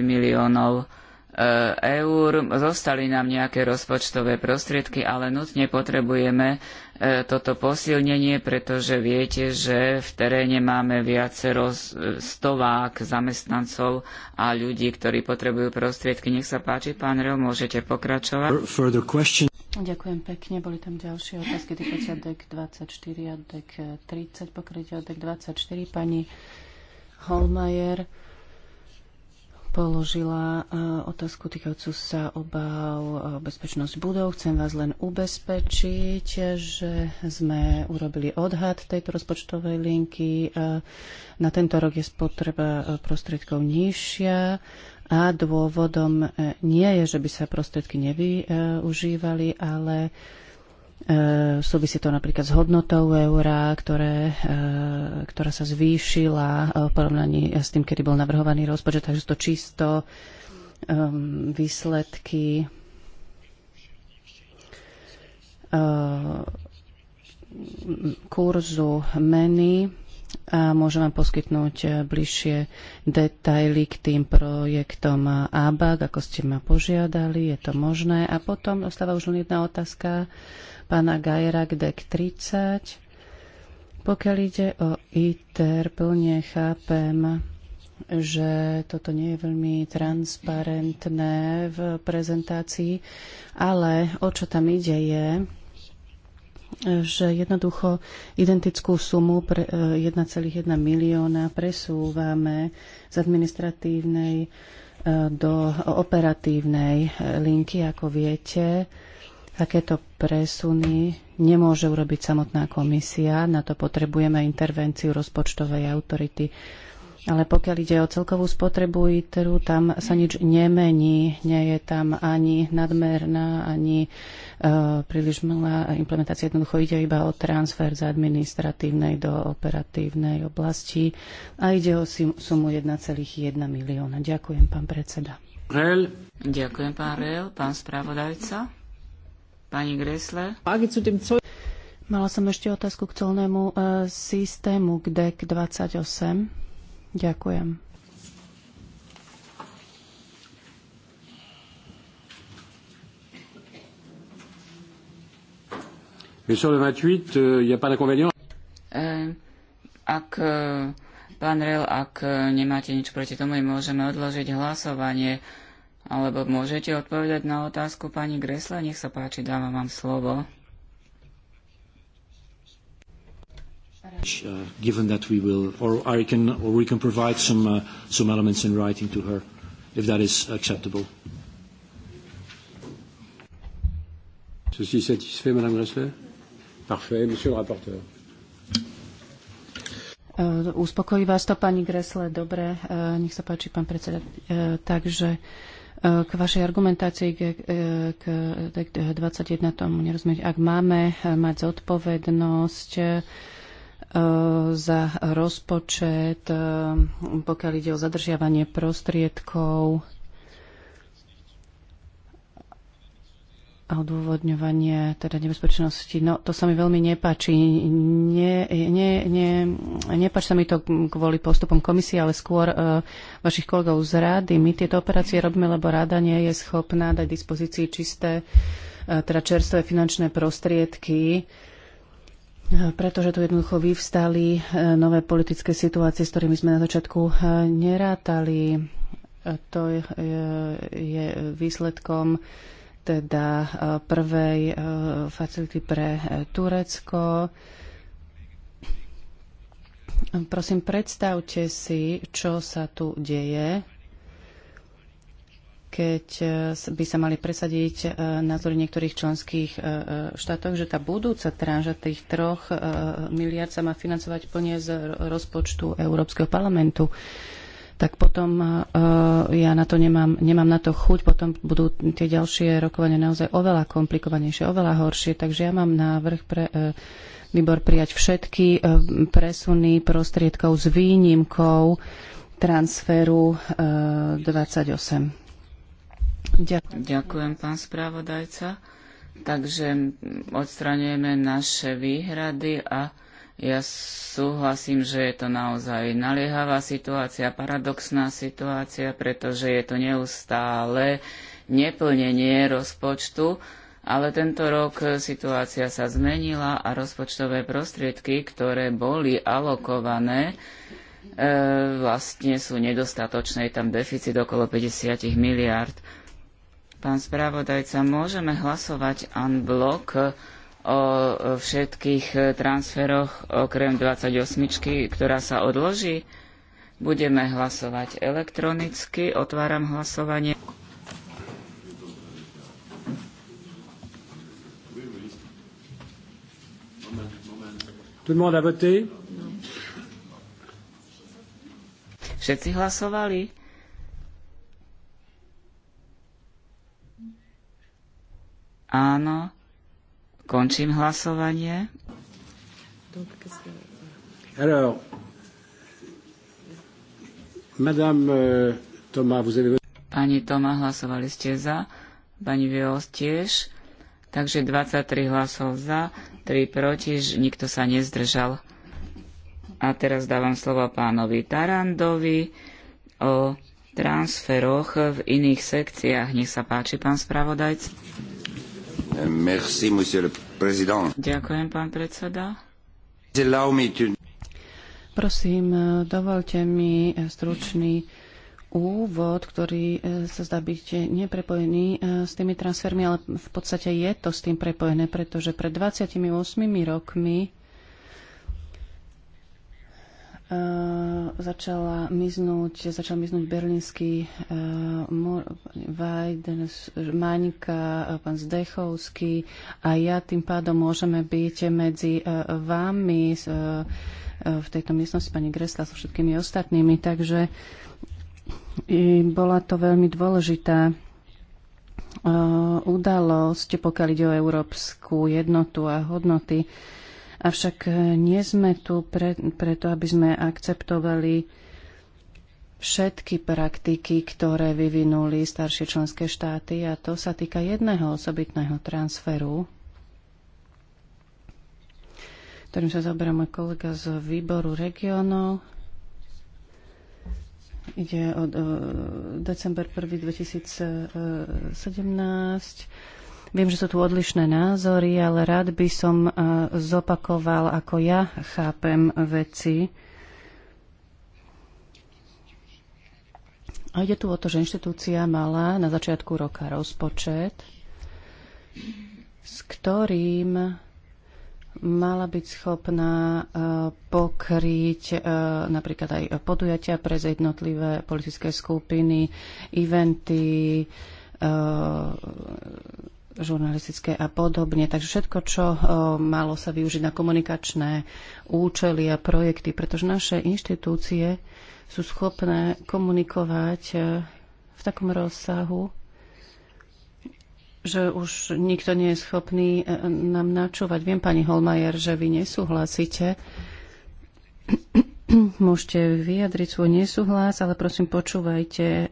miliónov E, eur, zostali nám nejaké rozpočtové prostriedky, ale nutne potrebujeme e, toto posilnenie, pretože viete, že v teréne máme viacero e, stovák zamestnancov a ľudí, ktorí potrebujú prostriedky. Nech sa páči, pán Reo, môžete pokračovať. Ďakujem pekne. Boli tam ďalšie otázky týkajúce DEC 24 a DEC 30. Pokrytie o DEC 24 pani Holmajer položila e, otázku týkajúcu sa obav e, bezpečnosť budov. Chcem vás len ubezpečiť, že sme urobili odhad tejto rozpočtovej linky. E, na tento rok je spotreba prostriedkov nižšia a dôvodom nie je, že by sa prostriedky nevyužívali, ale E, súvisí to napríklad s hodnotou eura, ktoré, e, ktorá sa zvýšila e, v porovnaní s tým, kedy bol navrhovaný rozpočet, takže to čisto ehm, výsledky kurzu meny a môžem vám poskytnúť bližšie detaily k tým projektom ABAG, ako ste ma požiadali, je to možné. A potom ostáva už len jedna otázka pána Gajera k 30. Pokiaľ ide o ITER, plne chápem, že toto nie je veľmi transparentné v prezentácii, ale o čo tam ide je, že jednoducho identickú sumu 1,1 e, milióna presúvame z administratívnej e, do operatívnej e, linky, ako viete. Takéto presuny nemôže urobiť samotná komisia, na to potrebujeme intervenciu rozpočtovej autority. Ale pokiaľ ide o celkovú spotrebu ITERu, tam sa nič nemení. Nie je tam ani nadmerná, ani e, príliš malá implementácia. Jednoducho ide iba o transfer z administratívnej do operatívnej oblasti a ide o sumu 1,1 milióna. Ďakujem, pán predseda. Rel. Ďakujem, pán Rel, pán spravodajca. Pani Gresle? Mala som ešte otázku k celnému colnému e, systému k DEC 28. Ďakujem. Euh, e, ak, e, pán Rel, ak nemáte nič proti tomu, môžeme odložiť hlasovanie alebo môžete odpovedať na otázku pani Gresle? Nech sa páči, dávam vám slovo. Uh, given that we will, or I can, or we can provide some uh, some elements in writing to her, if that is acceptable. Ceci satisfait, Madame Gressler. Parfait, Monsieur le rapporteur. Uh, uspokojí vás to, pani Gresle? Dobre, uh, nech sa páči, pán predseda. Uh, takže k vašej argumentácii k, k, k 21 tomu nerozumieť. Ak máme mať zodpovednosť e, za rozpočet, e, pokiaľ ide o zadržiavanie prostriedkov, a odôvodňovanie teda nebezpečnosti. No to sa mi veľmi nepáči. Nie, nie, nie, nepáči sa mi to kvôli postupom komisie, ale skôr e, vašich kolegov z rády. My tieto operácie robíme, lebo ráda nie je schopná dať dispozícii čisté, e, teda čerstvé finančné prostriedky e, pretože tu jednoducho vyvstali e, nové politické situácie, s ktorými sme na začiatku e, nerátali. To je výsledkom teda eh, prvej eh, facility pre eh, Turecko. Prosím, predstavte si, čo sa tu deje, keď by sa mali presadiť názory niektorých členských štátov, že tá budúca tranža tých troch miliard sa má financovať plne z rozpočtu Európskeho parlamentu tak potom e, ja na to nemám, nemám na to chuť, potom budú tie ďalšie rokovania naozaj oveľa komplikovanejšie, oveľa horšie, takže ja mám návrh pre e, výbor prijať všetky e, presuny prostriedkov s výnimkou transferu 28. Ďakujem. Ďakujem, pán správodajca. Takže odstraňujeme naše výhrady a ja súhlasím, že je to naozaj naliehavá situácia, paradoxná situácia, pretože je to neustále neplnenie rozpočtu, ale tento rok situácia sa zmenila a rozpočtové prostriedky, ktoré boli alokované, e, vlastne sú nedostatočné. Je tam deficit okolo 50 miliard. Pán spravodajca, môžeme hlasovať en block o všetkých e, transferoch okrem 28, ktorá sa odloží. Budeme hlasovať elektronicky. Otváram hlasovanie. Všetci hlasovali? Áno. Končím hlasovanie. Alors, Madame euh, Thomas, vous avez... Pani Toma, hlasovali ste za, pani Vios tiež, takže 23 hlasov za, 3 proti, nikto sa nezdržal. A teraz dávam slovo pánovi Tarandovi o transferoch v iných sekciách. Nech sa páči, pán spravodajca. Merci, monsieur le président. Ďakujem, pán predseda. Prosím, e, dovolte mi e, stručný úvod, ktorý e, sa zdá byť neprepojený s tými transfermi, ale v podstate je to s tým prepojené, pretože pred 28 rokmi Eh, začala miznúť, začal miznúť berlínsky uh, eh, Vajdens, Maňka, eh, pán Zdechovský a ja tým pádom môžeme byť medzi uh, vami uh, v tejto miestnosti pani Gresla so všetkými ostatnými, takže bola to veľmi dôležitá udalosť, pokiaľ ide o európsku jednotu a hodnoty. Avšak e, nie sme tu pre, preto, aby sme akceptovali všetky praktiky, ktoré vyvinuli staršie členské štáty a to sa týka jedného osobitného transferu, ktorým sa zaoberá môj kolega z výboru regionov. Ide o, o december 1. 2017 Viem, že sú tu odlišné názory, ale rád by som e, zopakoval, ako ja chápem veci. A ide tu o to, že inštitúcia mala na začiatku roka rozpočet, s ktorým mala byť schopná e, pokryť e, napríklad aj podujatia pre jednotlivé politické skupiny, eventy, žurnalistické a podobne. Takže všetko, čo e, malo sa využiť na komunikačné účely a projekty, pretože naše inštitúcie sú schopné komunikovať e, v takom rozsahu, že už nikto nie je schopný e, nám načúvať. Viem, pani Holmajer, že vy nesúhlasíte. Môžete vyjadriť svoj nesúhlas, ale prosím, počúvajte,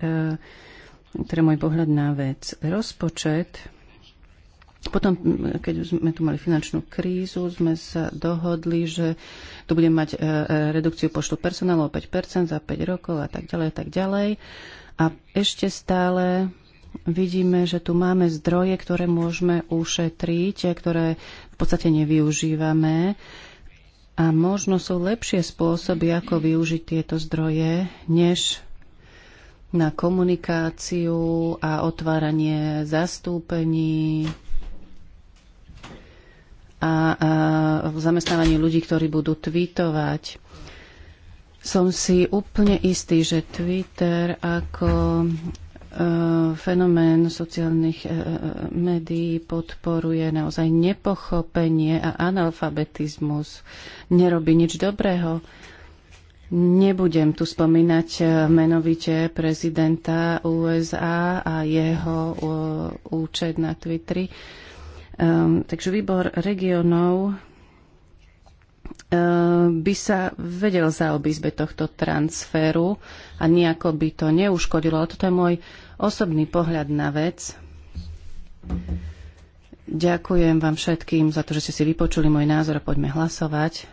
teda môj pohľad na vec. Rozpočet potom, keď sme tu mali finančnú krízu, sme sa dohodli, že tu budeme mať e, e, redukciu počtu personálu o 5% za 5 rokov a tak ďalej a tak ďalej. A ešte stále vidíme, že tu máme zdroje, ktoré môžeme ušetriť, e, ktoré v podstate nevyužívame. A možno sú lepšie spôsoby, ako využiť tieto zdroje, než na komunikáciu a otváranie zastúpení a v zamestnávaní ľudí, ktorí budú tweetovať. Som si úplne istý, že Twitter ako e, fenomén sociálnych e, e, médií podporuje naozaj nepochopenie a analfabetizmus. Nerobí nič dobrého. Nebudem tu spomínať menovite prezidenta USA a jeho účet na Twitteri Um, takže výbor regionov ehm, by sa vedel zaobísť bez tohto transferu a nejako by to neuškodilo. Ale toto je môj osobný pohľad na vec. Ďakujem vám všetkým za to, že ste si vypočuli môj názor a poďme hlasovať.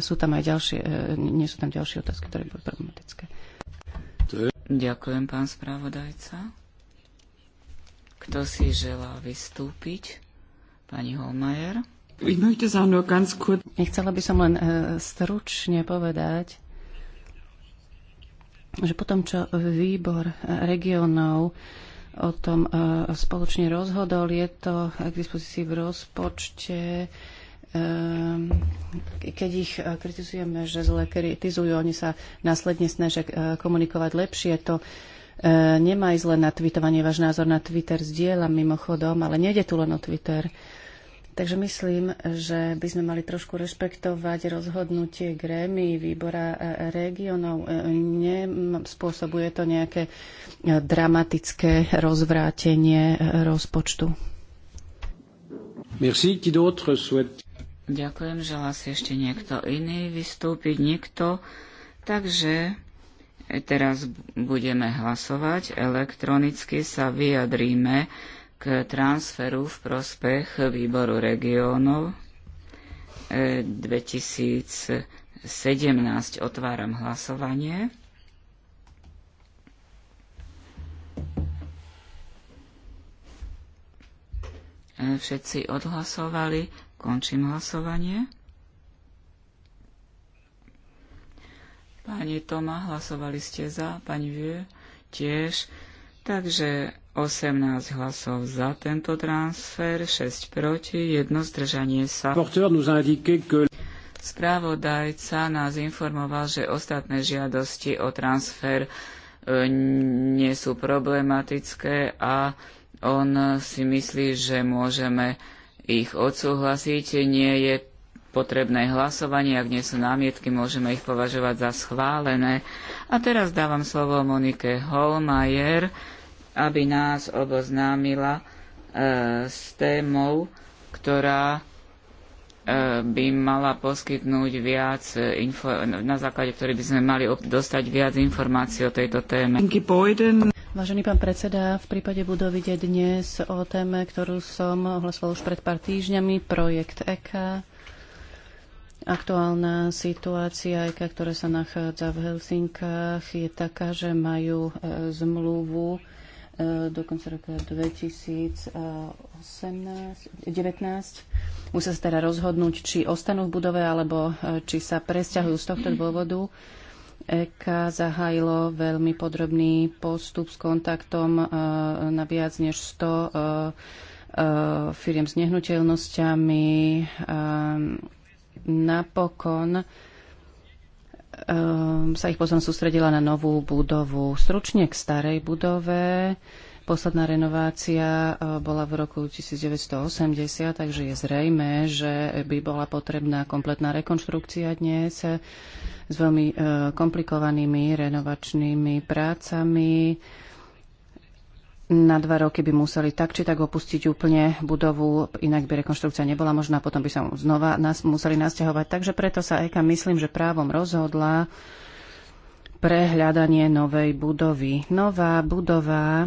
Sú tam aj ďalšie, e, nie sú tam ďalšie otázky, ktoré budú problematické. Ďakujem, pán spravodajca. Kto si želá vystúpiť? Pani Holmajer. Nechcela by som len e, stručne povedať, že potom, čo výbor regionov o tom e, spoločne rozhodol, je to k dispozícii v rozpočte e, keď ich kritizujeme, že zle kritizujú, oni sa následne snažia komunikovať lepšie. To E, nemá ísť len na tweetovanie. Váš názor na Twitter zdieľam mimochodom, ale nejde tu len o Twitter. Takže myslím, že by sme mali trošku rešpektovať rozhodnutie grémy výbora e, regionov. E, nespôsobuje to nejaké dramatické rozvrátenie rozpočtu. Merci. Qui d'autre souhaite... Ďakujem, že vás ešte niekto iný vystúpiť. niekto. Takže Teraz budeme hlasovať. Elektronicky sa vyjadríme k transferu v prospech výboru regiónov 2017. E, Otváram hlasovanie. E, všetci odhlasovali. Končím hlasovanie. Pani Toma, hlasovali ste za, pani Vie tiež. Takže 18 hlasov za tento transfer, 6 proti, jedno zdržanie sa. Správodajca nás informoval, že ostatné žiadosti o transfer e, nie sú problematické a on si myslí, že môžeme ich odsúhlasiť. Nie je potrebné hlasovanie. Ak nie sú námietky, môžeme ich považovať za schválené. A teraz dávam slovo Monike Holmajer, aby nás oboznámila e, s témou, ktorá e, by mala poskytnúť viac e, info, na základe ktorej by sme mali dostať viac informácií o tejto téme. Vážený pán predseda, v prípade budovy dnes o téme, ktorú som hlasoval už pred pár týždňami, projekt EKA Aktuálna situácia, aj ktorá sa nachádza v Helsinkách, je taká, že majú e, zmluvu e, do konca roka 2018, Musia sa teda rozhodnúť, či ostanú v budove, alebo e, či sa presťahujú z tohto dôvodu. EK zahájilo veľmi podrobný postup s kontaktom na viac než 100 firiem s nehnuteľnosťami, napokon ehm, sa ich pozornosť sústredila na novú budovu. Stručne k starej budove. Posledná renovácia eh, bola v roku 1980, takže je zrejme, že by bola potrebná kompletná rekonštrukcia dnes eh, s veľmi eh, komplikovanými renovačnými prácami na dva roky by museli tak či tak opustiť úplne budovu, inak by rekonštrukcia nebola možná, potom by sa znova nás museli nasťahovať. Takže preto sa EKA myslím, že právom rozhodla pre hľadanie novej budovy. Nová budova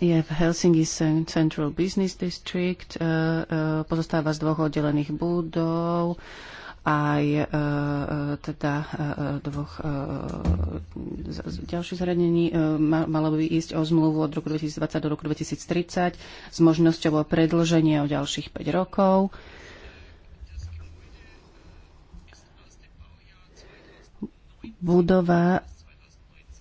je v Helsinki Central Business District, e, e, pozostáva z dvoch oddelených budov aj e, e teda e, dvoch ďalšie zariadení e, malo by ísť o zmluvu od roku 2020 do roku 2030 s možnosťou o predlženie o ďalších 5 rokov. Budova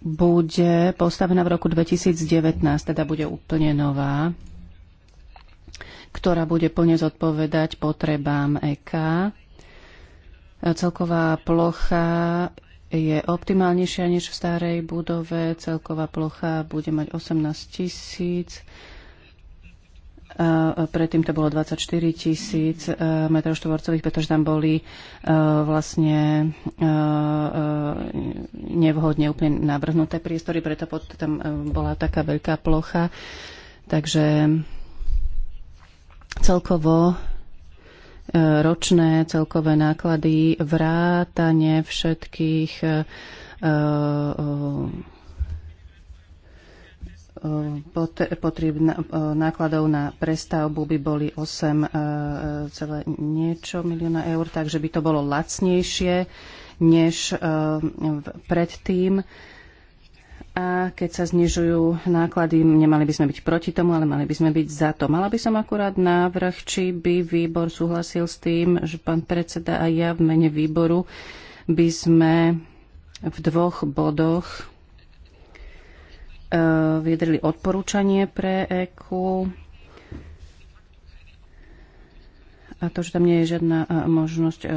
bude postavená v roku 2019, teda bude úplne nová, ktorá bude plne zodpovedať potrebám EK. E, celková plocha je optimálnejšia než v starej budove. Celková plocha bude mať 18 tisíc. Predtým to bolo 24 tisíc e, metrov štvorcových, pretože tam boli e, vlastne e, nevhodne úplne navrhnuté priestory, preto tam bola taká veľká plocha. Takže celkovo ročné celkové náklady, vrátane všetkých e, e, e, nákladov na prestavbu by boli 8, celé niečo milióna eur, takže by to bolo lacnejšie než predtým a keď sa znižujú náklady, nemali by sme byť proti tomu, ale mali by sme byť za to. Mala by som akurát návrh, či by výbor súhlasil s tým, že pán predseda a ja v mene výboru by sme v dvoch bodoch e, vyjadrili odporúčanie pre Eku. a to, že tam nie je žiadna e, možnosť e,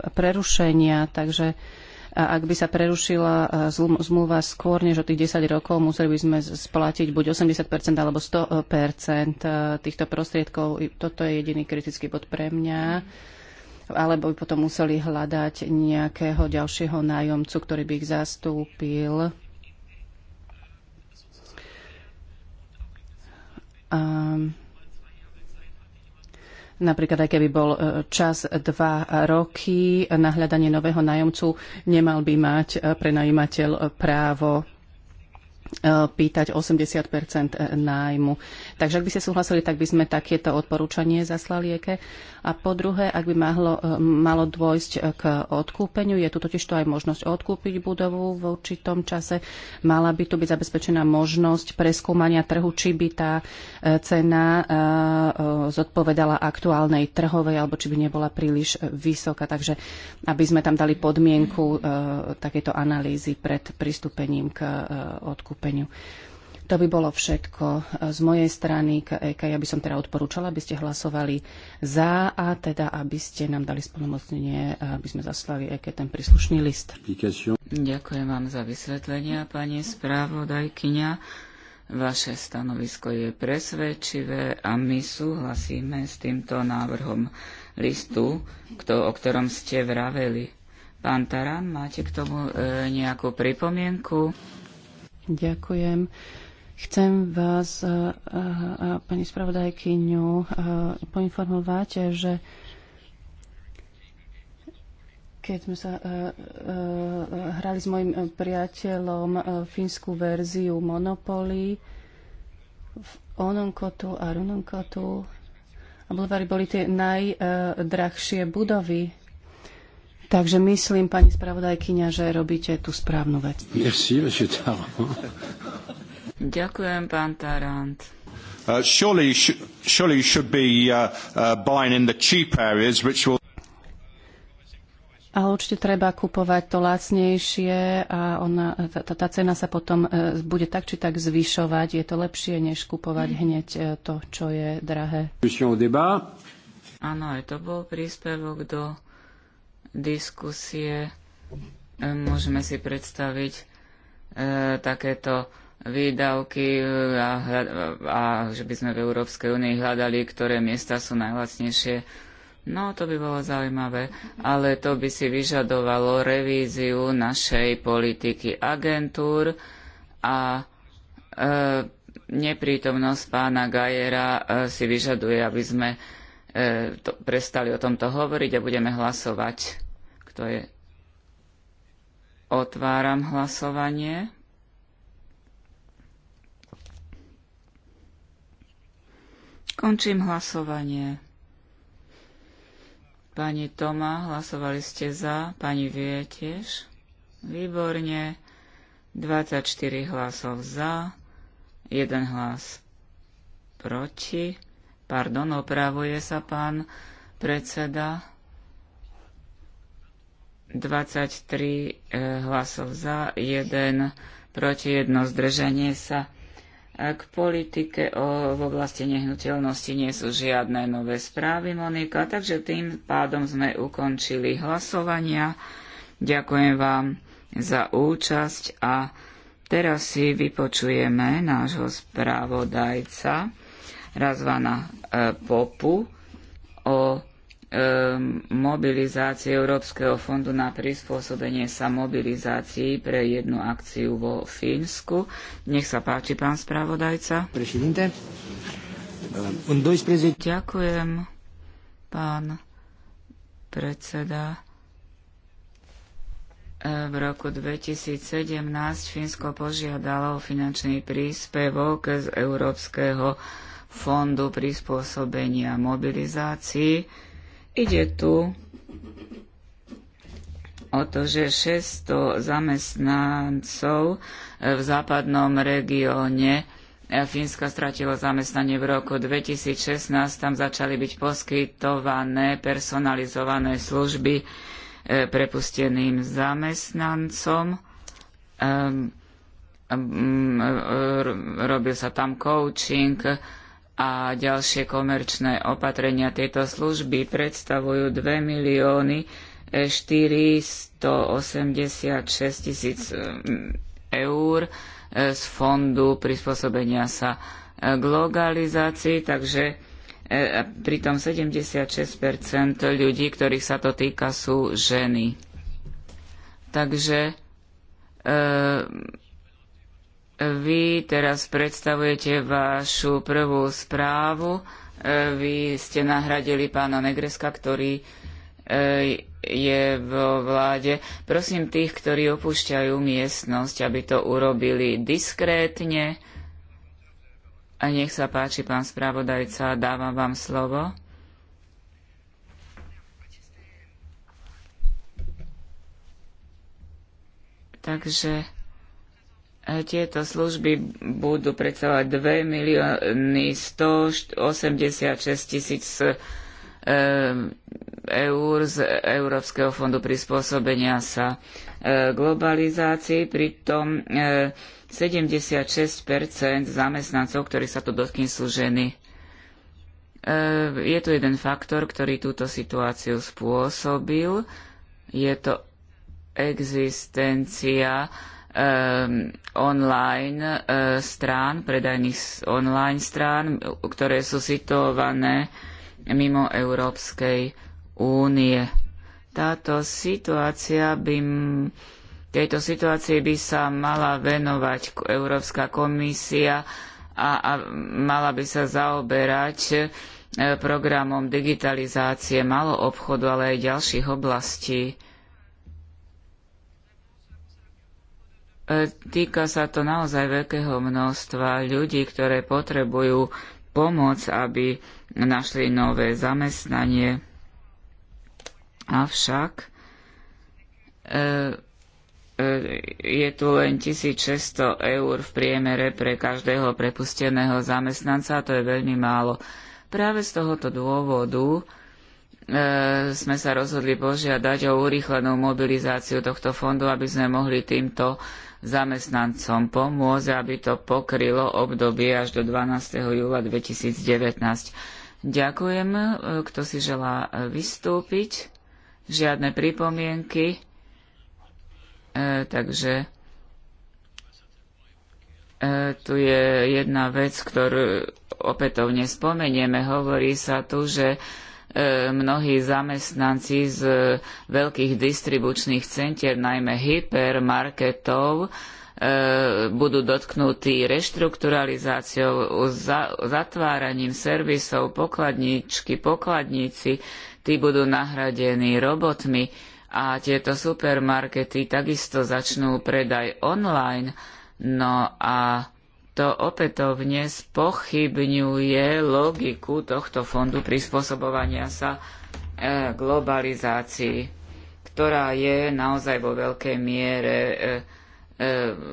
prerušenia, takže a ak by sa prerušila e, zmluva skôr než o tých 10 rokov, museli by sme splatiť buď 80 alebo 100 e, týchto prostriedkov. Toto je jediný kritický bod pre mňa alebo by potom museli hľadať nejakého ďalšieho nájomcu, ktorý by ich zastúpil. Um, Napríklad aj keby bol e, čas dva roky na hľadanie nového nájomcu, nemal by mať e, prenajímateľ e, právo pýtať 80 nájmu. Takže ak by ste súhlasili, tak by sme takéto odporúčanie zaslali EKE. A po druhé, ak by malo, e, malo dôjsť k odkúpeniu, je tu totiž to aj možnosť odkúpiť budovu v určitom čase, mala by tu byť zabezpečená možnosť preskúmania trhu, či by tá e, cena e, zodpovedala aktuálnej trhovej, alebo či by nebola príliš vysoká. Takže aby sme tam dali podmienku takéto analýzy pred pristúpením k odkúpeniu utrpeniu. To by bolo všetko e, z mojej strany. E ja by som teda odporúčala, aby ste hlasovali za a teda, aby ste nám dali splnomocnenie, e, aby sme zaslali aj ten príslušný list. Ďakujem vám za vysvetlenia, pani správodajkyňa. Vaše stanovisko je presvedčivé a my súhlasíme s týmto návrhom listu, kto, o ktorom ste vraveli. Pán Taran, máte k tomu e, nejakú pripomienku? Ďakujem. Chcem vás, eh, eh, eh, pani spravodajkyňu, poinformovať, že keď sme sa uh, uh, hrali s mojim priateľom uh, fínsku verziu Monopoly, v Ononkotu a Runonkotu a Bulvári boli tie najdrahšie budovy Takže myslím, pani spravodajkyňa, že robíte tú správnu vec. Merci, monsieur Tarant. Ďakujem, pán Tarant. Uh, uh, uh, ale určite treba kupovať to lacnejšie a ona, tá, tá cena sa potom uh, bude tak či tak zvyšovať. Je to lepšie, než kupovať mm. hneď uh, to, čo je drahé. Áno, aj to bol príspevok do diskusie môžeme si predstaviť e, takéto výdavky e, a, a, že by sme v Európskej únii hľadali, ktoré miesta sú najlacnejšie. No, to by bolo zaujímavé, ale to by si vyžadovalo revíziu našej politiky agentúr a e, neprítomnosť pána Gajera e, si vyžaduje, aby sme e, E, to, prestali o tomto hovoriť a budeme hlasovať. Kto je? Otváram hlasovanie. Končím hlasovanie. Pani Toma, hlasovali ste za, pani Vie tiež. Výborne. 24 hlasov za, 1 hlas proti. Pardon, opravuje sa pán predseda. 23 e, hlasov za, 1 proti, 1 zdržanie sa. K politike o, v oblasti nehnuteľnosti nie sú žiadne nové správy, Monika, takže tým pádom sme ukončili hlasovania. Ďakujem vám za účasť a teraz si vypočujeme nášho správodajca. Razvana e, Popu o e, mobilizácii Európskeho fondu na prispôsobenie sa mobilizácii pre jednu akciu vo Fínsku. Nech sa páči, pán spravodajca. E, Ďakujem, pán predseda. V roku 2017 Fínsko požiadalo o finančný príspevok z Európskeho fondu fondu prispôsobenia mobilizácii. Ide tu o to, že 600 zamestnancov e, v západnom regióne e, Fínska stratilo zamestnanie v roku 2016. Tam začali byť poskytované personalizované služby e, prepusteným zamestnancom. Ehm, ehm, ehm, robil sa tam coaching, a ďalšie komerčné opatrenia. Tieto služby predstavujú 2 milióny 486 e, tisíc e, eur e, z fondu prispôsobenia sa globalizácii, takže pritom 76 ľudí, ktorých sa to týka, sú ženy. Takže vy teraz predstavujete vašu prvú správu. E, vy ste nahradili pána Negreska, ktorý e, je vo vláde. Prosím tých, ktorí opúšťajú miestnosť, aby to urobili diskrétne. A nech sa páči, pán spravodajca, dávam vám slovo. Takže tieto služby budú predstavovať 2 milióny 186 tisíc e, eur z Európskeho fondu prispôsobenia sa e, globalizácii. Pritom 76 e, zamestnancov, ktorí sa tu dotkne, sú ženy. Je tu jeden faktor, ktorý túto situáciu spôsobil. Je to existencia Ehm, online e, strán, predajných online strán, ktoré sú situované mimo Európskej únie. Táto situácia by, tejto situácii by sa mala venovať Európska komisia a, a mala by sa zaoberať e, programom digitalizácie obchodu, ale aj ďalších oblastí. E, týka sa to naozaj veľkého množstva ľudí, ktoré potrebujú pomoc, aby našli nové zamestnanie. Avšak e, e, je tu len 1600 eur v priemere pre každého prepusteného zamestnanca, to je veľmi málo. Práve z tohoto dôvodu E, sme sa rozhodli požiadať o urýchlenú mobilizáciu tohto fondu, aby sme mohli týmto zamestnancom pomôcť, aby to pokrylo obdobie až do 12. júla 2019. Ďakujem, e, kto si želá vystúpiť. Žiadne pripomienky. E, takže e, tu je jedna vec, ktorú opätovne spomenieme. Hovorí sa tu, že E, mnohí zamestnanci z veľkých distribučných centier, najmä hypermarketov, e, budú dotknutí reštrukturalizáciou, zatváraním servisov, pokladničky, pokladníci, tí budú nahradení robotmi a tieto supermarkety takisto začnú predaj online. No a to opätovne spochybňuje logiku tohto fondu prispôsobovania sa e, globalizácii, ktorá je naozaj vo veľkej miere e, e,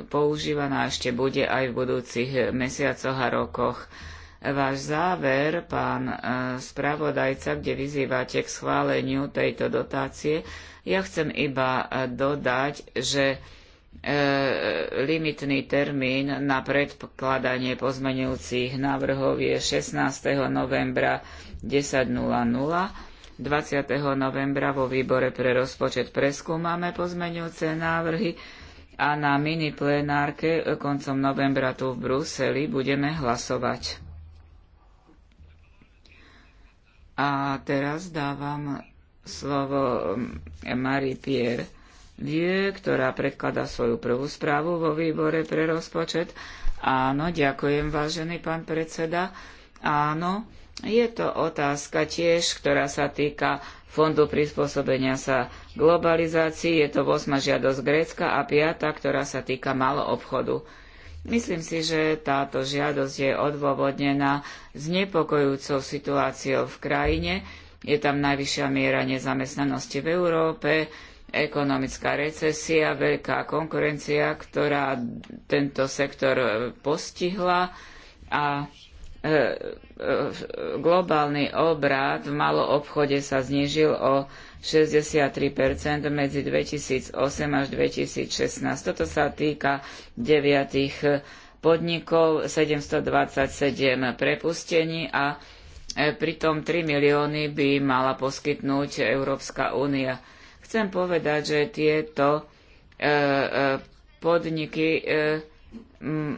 používaná a ešte bude aj v budúcich mesiacoch a rokoch. Váš záver, pán spravodajca, kde vyzývate k schváleniu tejto dotácie, ja chcem iba dodať, že E, limitný termín na predkladanie pozmeňujúcich návrhov je 16. novembra 10.00. 20. novembra vo výbore pre rozpočet preskúmame pozmeňujúce návrhy a na mini plenárke koncom novembra tu v Bruseli budeme hlasovať. A teraz dávam slovo Marie Pierre vie, ktorá predkladá svoju prvú správu vo výbore pre rozpočet. Áno, ďakujem, vážený pán predseda. Áno, je to otázka tiež, ktorá sa týka Fondu prispôsobenia sa globalizácii. Je to 8. žiadosť Grécka a 5. ktorá sa týka maloobchodu. Myslím si, že táto žiadosť je odôvodnená znepokojujúcou situáciou v krajine. Je tam najvyššia miera nezamestnanosti v Európe, ekonomická recesia, veľká konkurencia, ktorá tento sektor e, postihla a e, e, globálny obrad v maloobchode sa znížil o 63% medzi 2008 až 2016. Toto sa týka deviatich podnikov, 727 prepustení a pritom 3 milióny by mala poskytnúť Európska únia. Chcem povedať, že tieto e, e podniky e, m, e,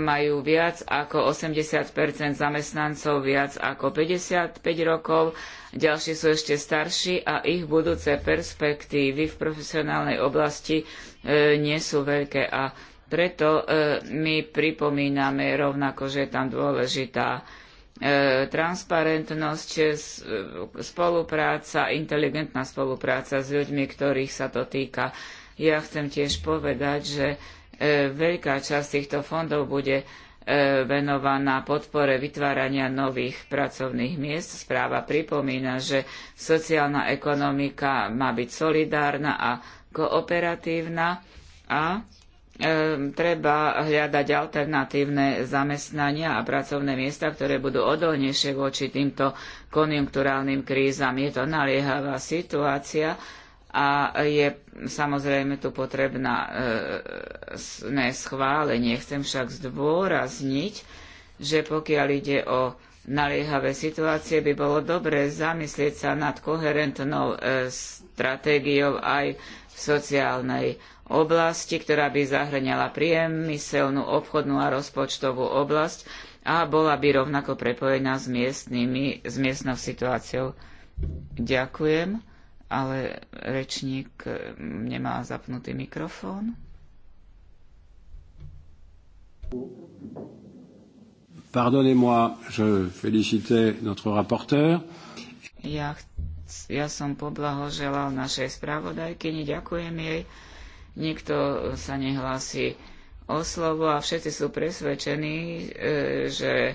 majú viac ako 80 zamestnancov, viac ako 55 rokov, ďalší sú ešte starší a ich budúce perspektívy v profesionálnej oblasti e, nie sú veľké a preto e, my pripomíname rovnako, že je tam dôležitá E, transparentnosť, e, e, spolupráca, inteligentná spolupráca s ľuďmi, ktorých sa to týka. Ja chcem tiež povedať, že veľká časť týchto fondov bude venovaná podpore vytvárania nových pracovných miest. Správa pripomína, že sociálna ekonomika má byť solidárna a kooperatívna a Ehm, treba hľadať alternatívne zamestnania a pracovné miesta, ktoré budú odolnejšie voči týmto konjunkturálnym krízam. Je to naliehavá situácia a je samozrejme tu potrebná e, schválenie. Chcem však zdôrazniť, že pokiaľ ide o naliehavé situácie, by bolo dobré zamyslieť sa nad koherentnou e, stratégiou aj v sociálnej oblasti, ktorá by zahrňala priemyselnú, obchodnú a rozpočtovú oblasť a bola by rovnako prepojená s, miestnymi, s miestnou situáciou. Ďakujem, ale rečník e, nemá zapnutý mikrofón. Pardonnez-moi, je félicitais notre rapporteur. Ja, ja som poblahoželal našej spravodajkyni, ďakujem jej nikto sa nehlási o slovo a všetci sú presvedčení, e, že e,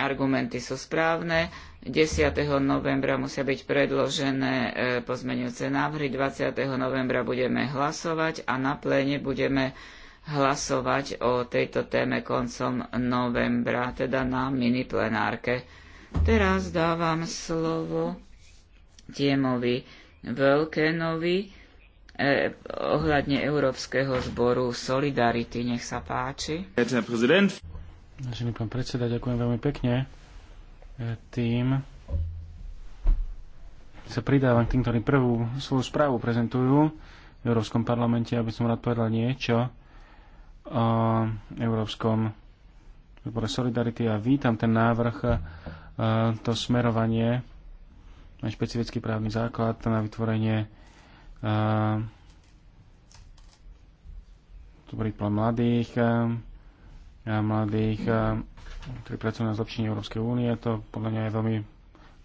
argumenty sú správne. 10. novembra musia byť predložené e, pozmeňujúce návrhy, 20. novembra budeme hlasovať a na pléne budeme hlasovať o tejto téme koncom novembra, teda na mini plenárke. Teraz dávam slovo Tiemovi Veľkénovi, E, ohľadne Európskeho zboru Solidarity. Nech sa páči. Vážený pán predseda, ďakujem veľmi pekne. E, tým sa pridávam k tým, ktorí prvú svoju správu prezentujú v Európskom parlamente, aby som rád povedal niečo o Európskom výbore Solidarity a vítam ten návrh, e, to smerovanie, špecifický právny základ na vytvorenie tu boli mladých, mladých, ktorí pracujú na zlepšení Európskej únie. To podľa mňa je veľmi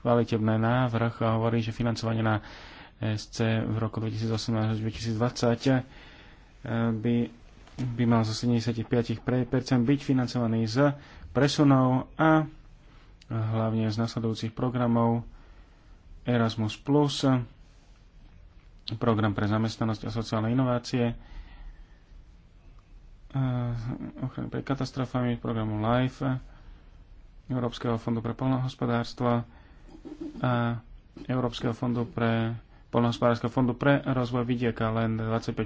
kvalitebné návrh a hovorí, že financovanie na SC v roku 2018-2020 by, by mal zo 75% byť financovaný z presunov a hlavne z nasledujúcich programov Erasmus+, program pre zamestnanosť a sociálne inovácie, e, ochrany pred katastrofami, programu LIFE, Európskeho fondu pre polnohospodárstvo a Európskeho fondu pre polnohospodárskeho fondu pre rozvoj vidieka len 25 e,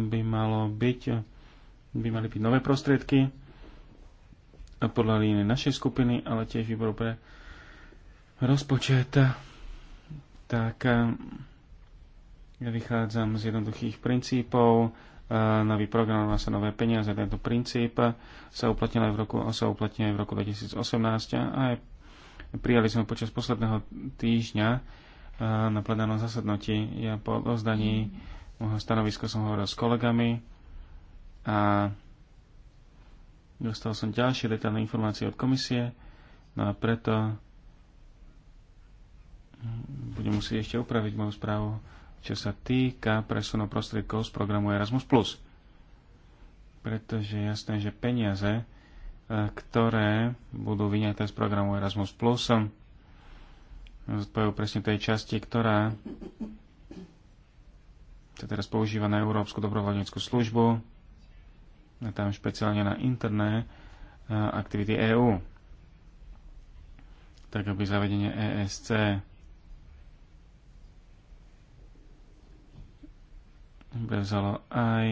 by malo byť, by mali byť nové prostriedky podľa líny našej skupiny, ale tiež výboru pre rozpočet tak eh, ja vychádzam z jednoduchých princípov. Eh, nový program má sa nové peniaze. Tento princíp sa uplatnil aj v roku, sa uplatnil aj v roku 2018 a aj prijali sme počas posledného týždňa eh, na plenárnom zasadnutí. Ja po ozdaní môjho stanoviska som hovoril s kolegami a dostal som ďalšie detálne informácie od komisie, no a preto budem musieť ešte upraviť moju správu, čo sa týka presunu prostriedkov z programu Erasmus+. Pretože je jasné, že peniaze, e, ktoré budú vyňaté z programu Erasmus+, e, zodpovedú presne tej časti, ktorá sa teraz používa na Európsku dobrovoľníckú službu, a tam špeciálne na interné e, aktivity EÚ. Tak, aby zavedenie ESC vzalo aj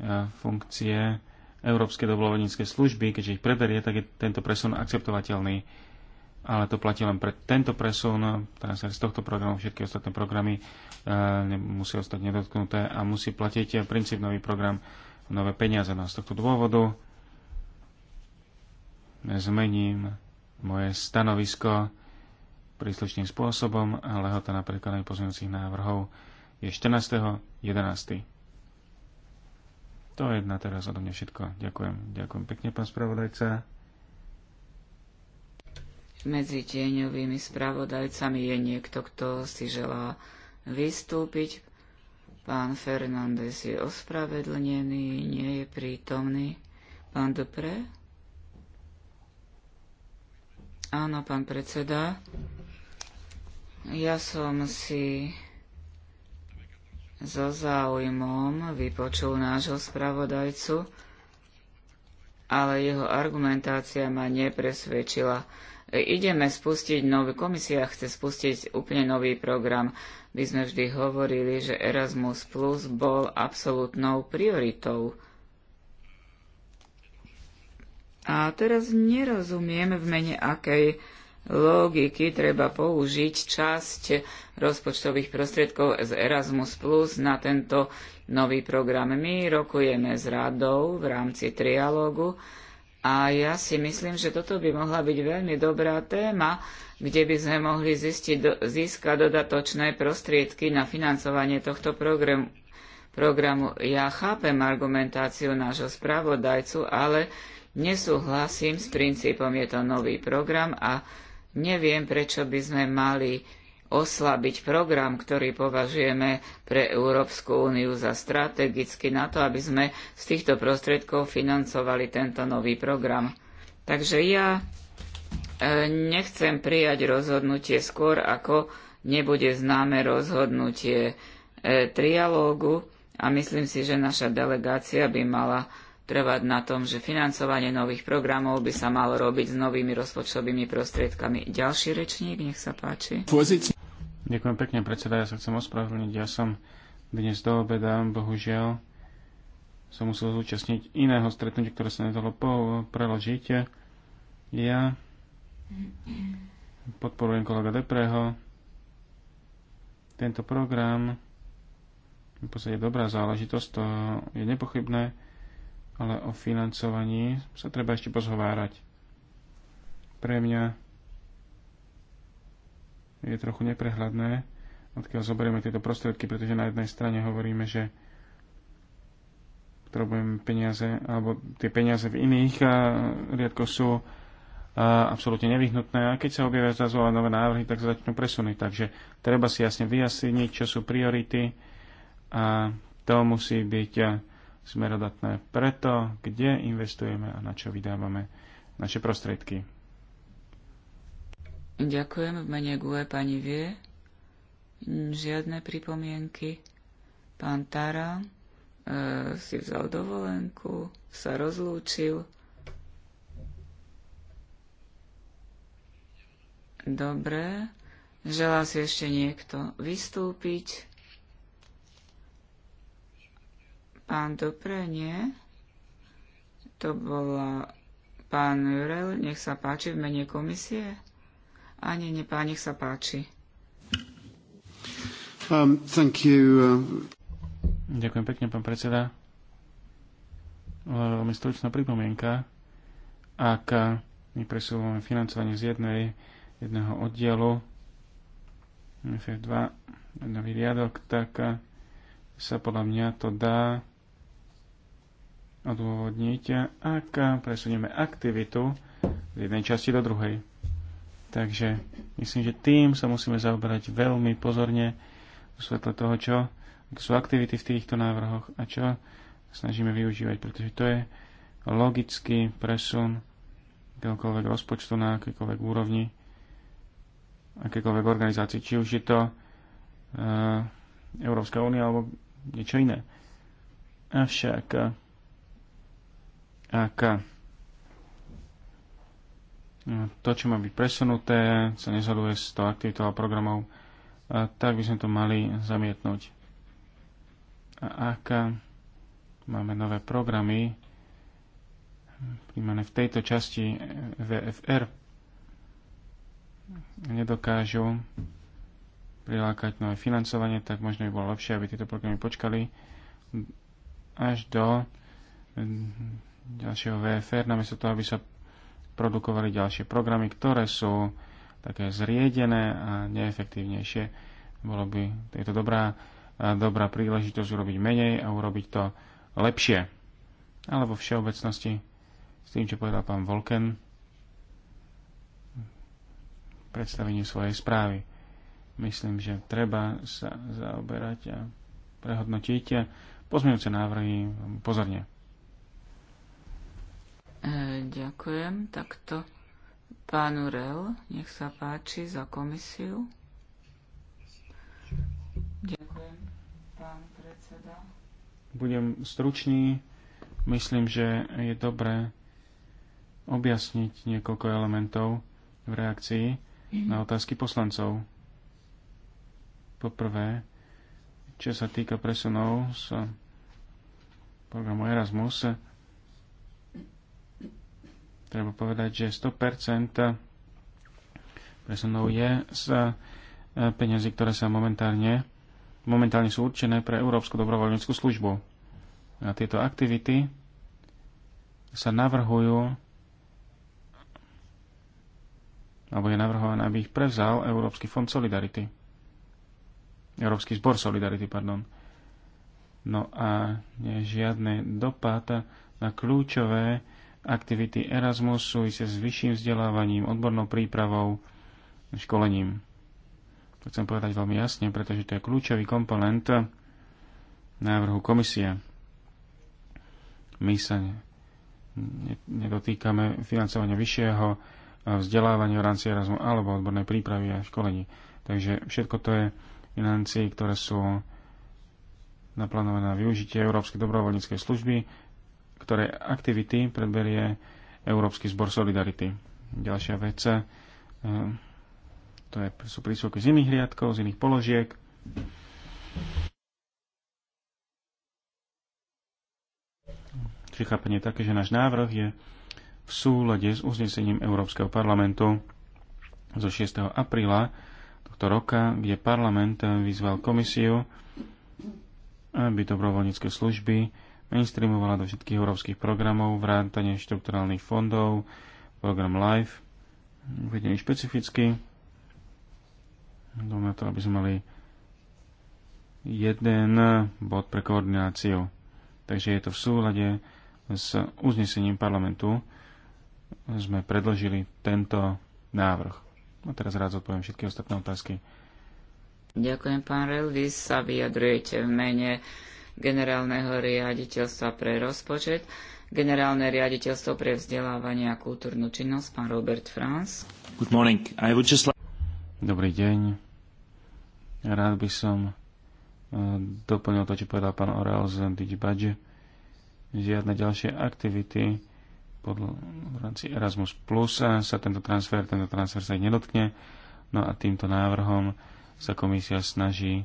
e, funkcie Európskej dobrovoľníckej služby, keďže ich preberie, tak je tento presun akceptovateľný. Ale to platí len pre tento presun, Teraz z tohto programu, všetky ostatné programy e, musí ostať nedotknuté a musí platiť princíp nový program, nové peniaze. No z tohto dôvodu zmením moje stanovisko príslušným spôsobom a lehota na prekladanie pozmeňujúcich návrhov je 14.11. To je na teraz odo mňa všetko. Ďakujem. Ďakujem pekne, pán spravodajca. Medzi tieňovými spravodajcami je niekto, kto si želá vystúpiť. Pán Fernández je ospravedlnený, nie je prítomný. Pán Dupré? Áno, pán predseda. Ja som si so záujmom vypočul nášho spravodajcu, ale jeho argumentácia ma nepresvedčila. Ideme spustiť nový, komisia chce spustiť úplne nový program. My sme vždy hovorili, že Erasmus Plus bol absolútnou prioritou. A teraz nerozumiem v mene akej logiky treba použiť časť rozpočtových prostriedkov z Erasmus Plus na tento nový program. My rokujeme s radou v rámci trialógu a ja si myslím, že toto by mohla byť veľmi dobrá téma, kde by sme mohli zistiť, do, získať dodatočné prostriedky na financovanie tohto programu. programu. Ja chápem argumentáciu nášho spravodajcu, ale nesúhlasím s princípom, je to nový program a Neviem, prečo by sme mali oslabiť program, ktorý považujeme pre Európsku úniu za strategicky na to, aby sme z týchto prostriedkov financovali tento nový program. Takže ja e, nechcem prijať rozhodnutie skôr, ako nebude známe rozhodnutie e, trialógu a myslím si, že naša delegácia by mala trvať na tom, že financovanie nových programov by sa malo robiť s novými rozpočtovými prostriedkami. Ďalší rečník, nech sa páči. Ďakujem pekne, predseda. Ja sa chcem ospravedlniť. Ja som dnes do obeda, bohužiaľ, som musel zúčastniť iného stretnutia, ktoré sa nedalo preložiť. Ja podporujem kolega Depreho. Tento program v podstate dobrá záležitosť, to je nepochybné ale o financovaní sa treba ešte pozhovárať. Pre mňa je trochu neprehľadné, odkiaľ zoberieme tieto prostriedky, pretože na jednej strane hovoríme, že potrebujeme peniaze, alebo tie peniaze v iných riadko sú absolútne nevyhnutné a keď sa objavia zazvolené nové návrhy, tak sa začnú presuny. Takže treba si jasne vyjasniť, čo sú priority a to musí byť smerodatné pre to, kde investujeme a na čo vydávame naše prostriedky. Ďakujem v mene GUE pani Vie. Žiadne pripomienky. Pán Tara e, si vzal dovolenku, sa rozlúčil. Dobre. Želá si ešte niekto vystúpiť? Pán Dopre, nie. To bola pán Jurel, nech sa páči v mene komisie. A nie, nie, pán, nech sa páči. Um, thank you. Uh, Ďakujem pekne, pán predseda. Veľmi stručná pripomienka. Ak my presúvame financovanie z jednej, jedného oddielu FF2 na riadok, tak sa podľa mňa to dá odôvodniť, ak presunieme aktivitu z jednej časti do druhej. Takže myslím, že tým sa musíme zaoberať veľmi pozorne v svetle toho, čo sú aktivity v týchto návrhoch a čo snažíme využívať, pretože to je logický presun akéhokoľvek rozpočtu na akékoľvek úrovni, akékoľvek organizácie, či už je to e, Európska únia alebo niečo iné. Avšak eh, tak eh, to, čo má byť presunuté, sa nezhoduje s tou aktivitou a programov, eh, tak by sme to mali zamietnúť. A ak eh, máme nové programy, príjmané v tejto časti VFR, nedokážu prilákať nové financovanie, tak možno by bolo lepšie, aby tieto programy počkali až do ďalšieho VFR, namiesto toho, aby sa produkovali ďalšie programy, ktoré sú také zriedené a neefektívnejšie. Bolo by, to je to dobrá, dobrá príležitosť urobiť menej a urobiť to lepšie. Ale vo všeobecnosti s tým, čo povedal pán Volken, predstavenie svojej správy. Myslím, že treba sa zaoberať a prehodnotiť pozmeňujúce návrhy pozorne. E, ďakujem. Takto pán Urel, nech sa páči za komisiu. Ďakujem, pán predseda. Budem stručný. Myslím, že je dobré objasniť niekoľko elementov v reakcii na otázky poslancov. Poprvé, čo sa týka presunov z programu Erasmus, treba povedať, že 100% presunov je z e, peniazy, ktoré sa momentálne, momentálne sú určené pre Európsku dobrovoľníckú službu. A tieto aktivity sa navrhujú alebo je navrhované, aby ich prevzal Európsky fond Solidarity. Európsky zbor Solidarity, pardon. No a nie žiadny dopad na kľúčové Aktivity Erasmus súvisia s vyšším vzdelávaním, odbornou prípravou, školením. To chcem povedať veľmi jasne, pretože to je kľúčový komponent návrhu komisie. My sa nedotýkame financovania vyššieho vzdelávania v rámci Erasmus alebo odbornej prípravy a školení. Takže všetko to je financie, ktoré sú naplánované na využitie Európskej dobrovoľníckej služby ktoré aktivity predberie Európsky zbor Solidarity. Ďalšia vec, eh, to je, sú príspevky z iných riadkov, z iných položiek. Prichápenie také, že náš návrh je v súlade s uznesením Európskeho parlamentu zo 6. apríla tohto roka, kde parlament vyzval komisiu, aby dobrovoľnícke služby mainstreamovala do všetkých európskych programov, vrátane štrukturálnych fondov, program LIFE, uvedený špecificky, na to, aby sme mali jeden bod pre koordináciu. Takže je to v súlade s uznesením parlamentu. Sme predložili tento návrh. A teraz rád zodpoviem všetky ostatné otázky. Ďakujem, pán Rel. Vy sa vyjadrujete v mene generálneho riaditeľstva pre rozpočet, generálne riaditeľstvo pre vzdelávanie a kultúrnu činnosť, pán Robert Franz. Good morning. I would just like... Dobrý deň. Rád by som e, doplnil to, čo povedal pán Orel z Digibadge. Žiadne ďalšie aktivity podľa, v rámci Erasmus Plus sa tento transfer, tento transfer sa aj nedotkne. No a týmto návrhom sa komisia snaží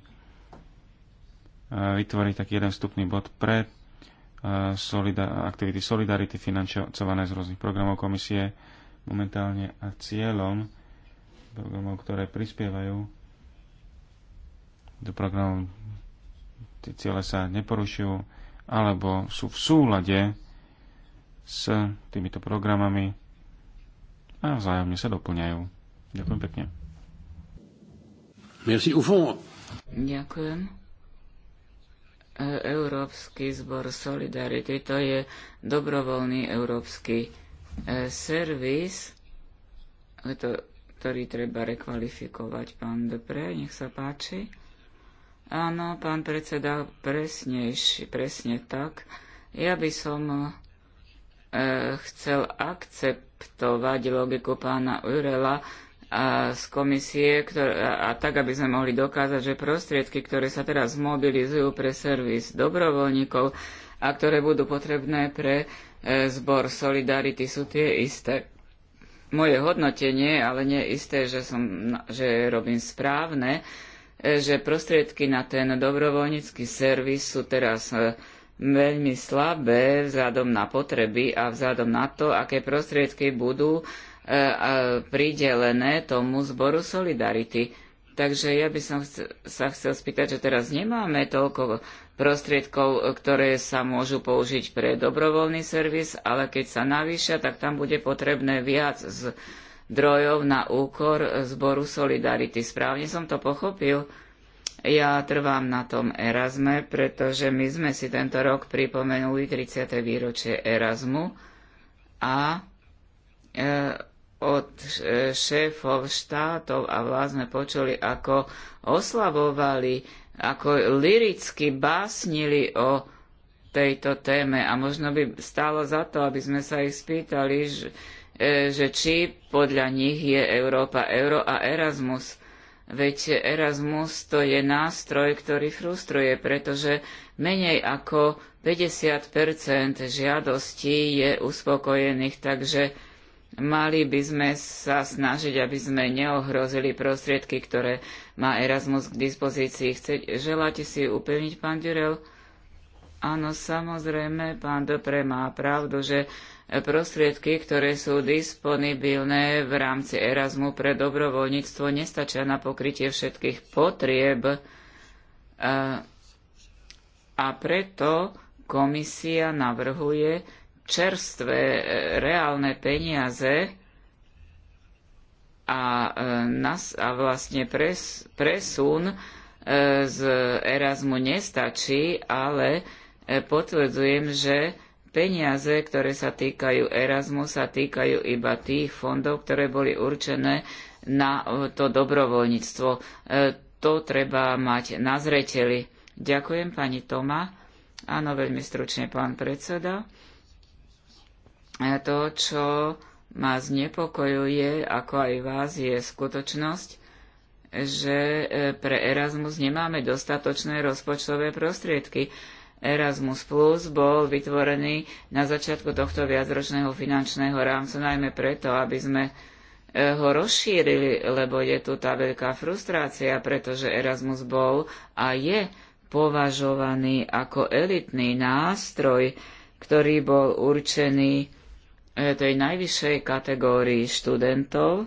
vytvoriť taký jeden vstupný bod pre e, aktivity Solidarity financované z rôznych programov komisie momentálne a cieľom programov, ktoré prispievajú do programov tie ciele sa neporušujú alebo sú v súlade s týmito programami a vzájomne sa doplňajú. Ďakujem pekne. Merci au fond. Ďakujem. Európsky zbor Solidarity. To je dobrovoľný európsky e, servis, ktorý treba rekvalifikovať. Pán Depre, nech sa páči. Áno, pán predseda, presnejší, presne tak. Ja by som e, chcel akceptovať logiku pána Urela, a z komisie, ktoré, a, tak, aby sme mohli dokázať, že prostriedky, ktoré sa teraz mobilizujú pre servis dobrovoľníkov a ktoré budú potrebné pre e, zbor Solidarity, sú tie isté. Moje hodnotenie, ale nie isté, že, som, že robím správne, e, že prostriedky na ten dobrovoľnícky servis sú teraz e, veľmi slabé vzhľadom na potreby a vzhľadom na to, aké prostriedky budú e, E, pridelené tomu zboru Solidarity. Takže ja by som sa chcel spýtať, že teraz nemáme toľko prostriedkov, ktoré sa môžu použiť pre dobrovoľný servis, ale keď sa navýšia, tak tam bude potrebné viac zdrojov na úkor zboru Solidarity. Správne som to pochopil. Ja trvám na tom Erasme, pretože my sme si tento rok pripomenuli 30. výročie Erasmu a e, od e, šéfov štátov a vlastne počuli, ako oslavovali, ako liricky básnili o tejto téme. A možno by stálo za to, aby sme sa ich spýtali, že, e, že či podľa nich je Európa euro a Erasmus. Veď Erasmus to je nástroj, ktorý frustruje, pretože menej ako 50 žiadostí je uspokojených, takže Mali by sme sa snažiť, aby sme neohrozili prostriedky, ktoré má Erasmus k dispozícii. želáte si upevniť, pán Durel? Áno, samozrejme, pán Dopre má pravdu, že prostriedky, ktoré sú disponibilné v rámci Erasmu pre dobrovoľníctvo, nestačia na pokrytie všetkých potrieb. A preto komisia navrhuje, čerstvé, e, reálne peniaze a, e, nas, a vlastne pres, presun e, z Erasmu nestačí, ale potvrdzujem, že peniaze, ktoré sa týkajú Erasmu, sa týkajú iba tých fondov, ktoré boli určené na to dobrovoľníctvo. To treba mať na zreteli. Ďakujem, pani Toma. Áno, veľmi stručne, pán predseda to, čo ma znepokojuje, ako aj vás, je skutočnosť, že e, pre Erasmus nemáme dostatočné rozpočtové prostriedky. Erasmus Plus bol vytvorený na začiatku tohto viacročného finančného rámcu najmä preto, aby sme e, ho rozšírili, lebo je tu tá veľká frustrácia, pretože Erasmus bol a je považovaný ako elitný nástroj, ktorý bol určený E, tej najvyššej kategórii študentov.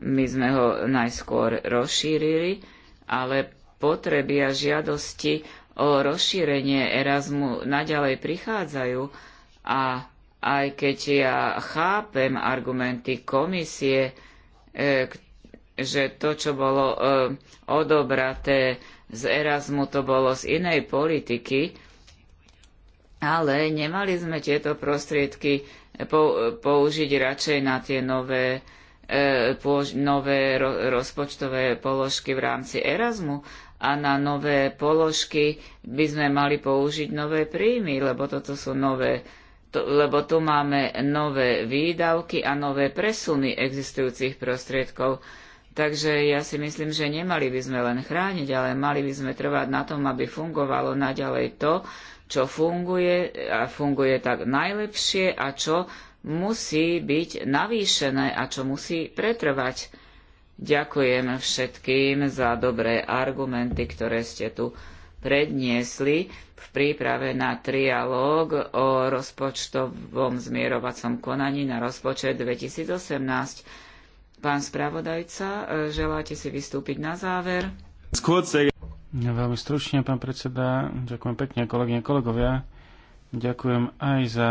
My sme ho najskôr rozšírili, ale potreby a žiadosti o rozšírenie Erasmu naďalej prichádzajú a aj keď ja chápem argumenty komisie, e, že to, čo bolo e, odobraté z Erasmu, to bolo z inej politiky, ale nemali sme tieto prostriedky použiť radšej na tie nové, e, nové rozpočtové položky v rámci Erasmu a na nové položky by sme mali použiť nové príjmy, lebo toto sú nové to, lebo tu máme nové výdavky a nové presuny existujúcich prostriedkov. Takže ja si myslím, že nemali by sme len chrániť, ale mali by sme trvať na tom, aby fungovalo naďalej to, čo funguje a funguje tak najlepšie a čo musí byť navýšené a čo musí pretrvať. Ďakujem všetkým za dobré argumenty, ktoré ste tu predniesli v príprave na trialóg o rozpočtovom zmierovacom konaní na rozpočet 2018 Pán spravodajca, e, želáte si vystúpiť na záver? Ja veľmi stručne, pán predseda. Ďakujem pekne, kolegyne, kolegovia. Ďakujem aj za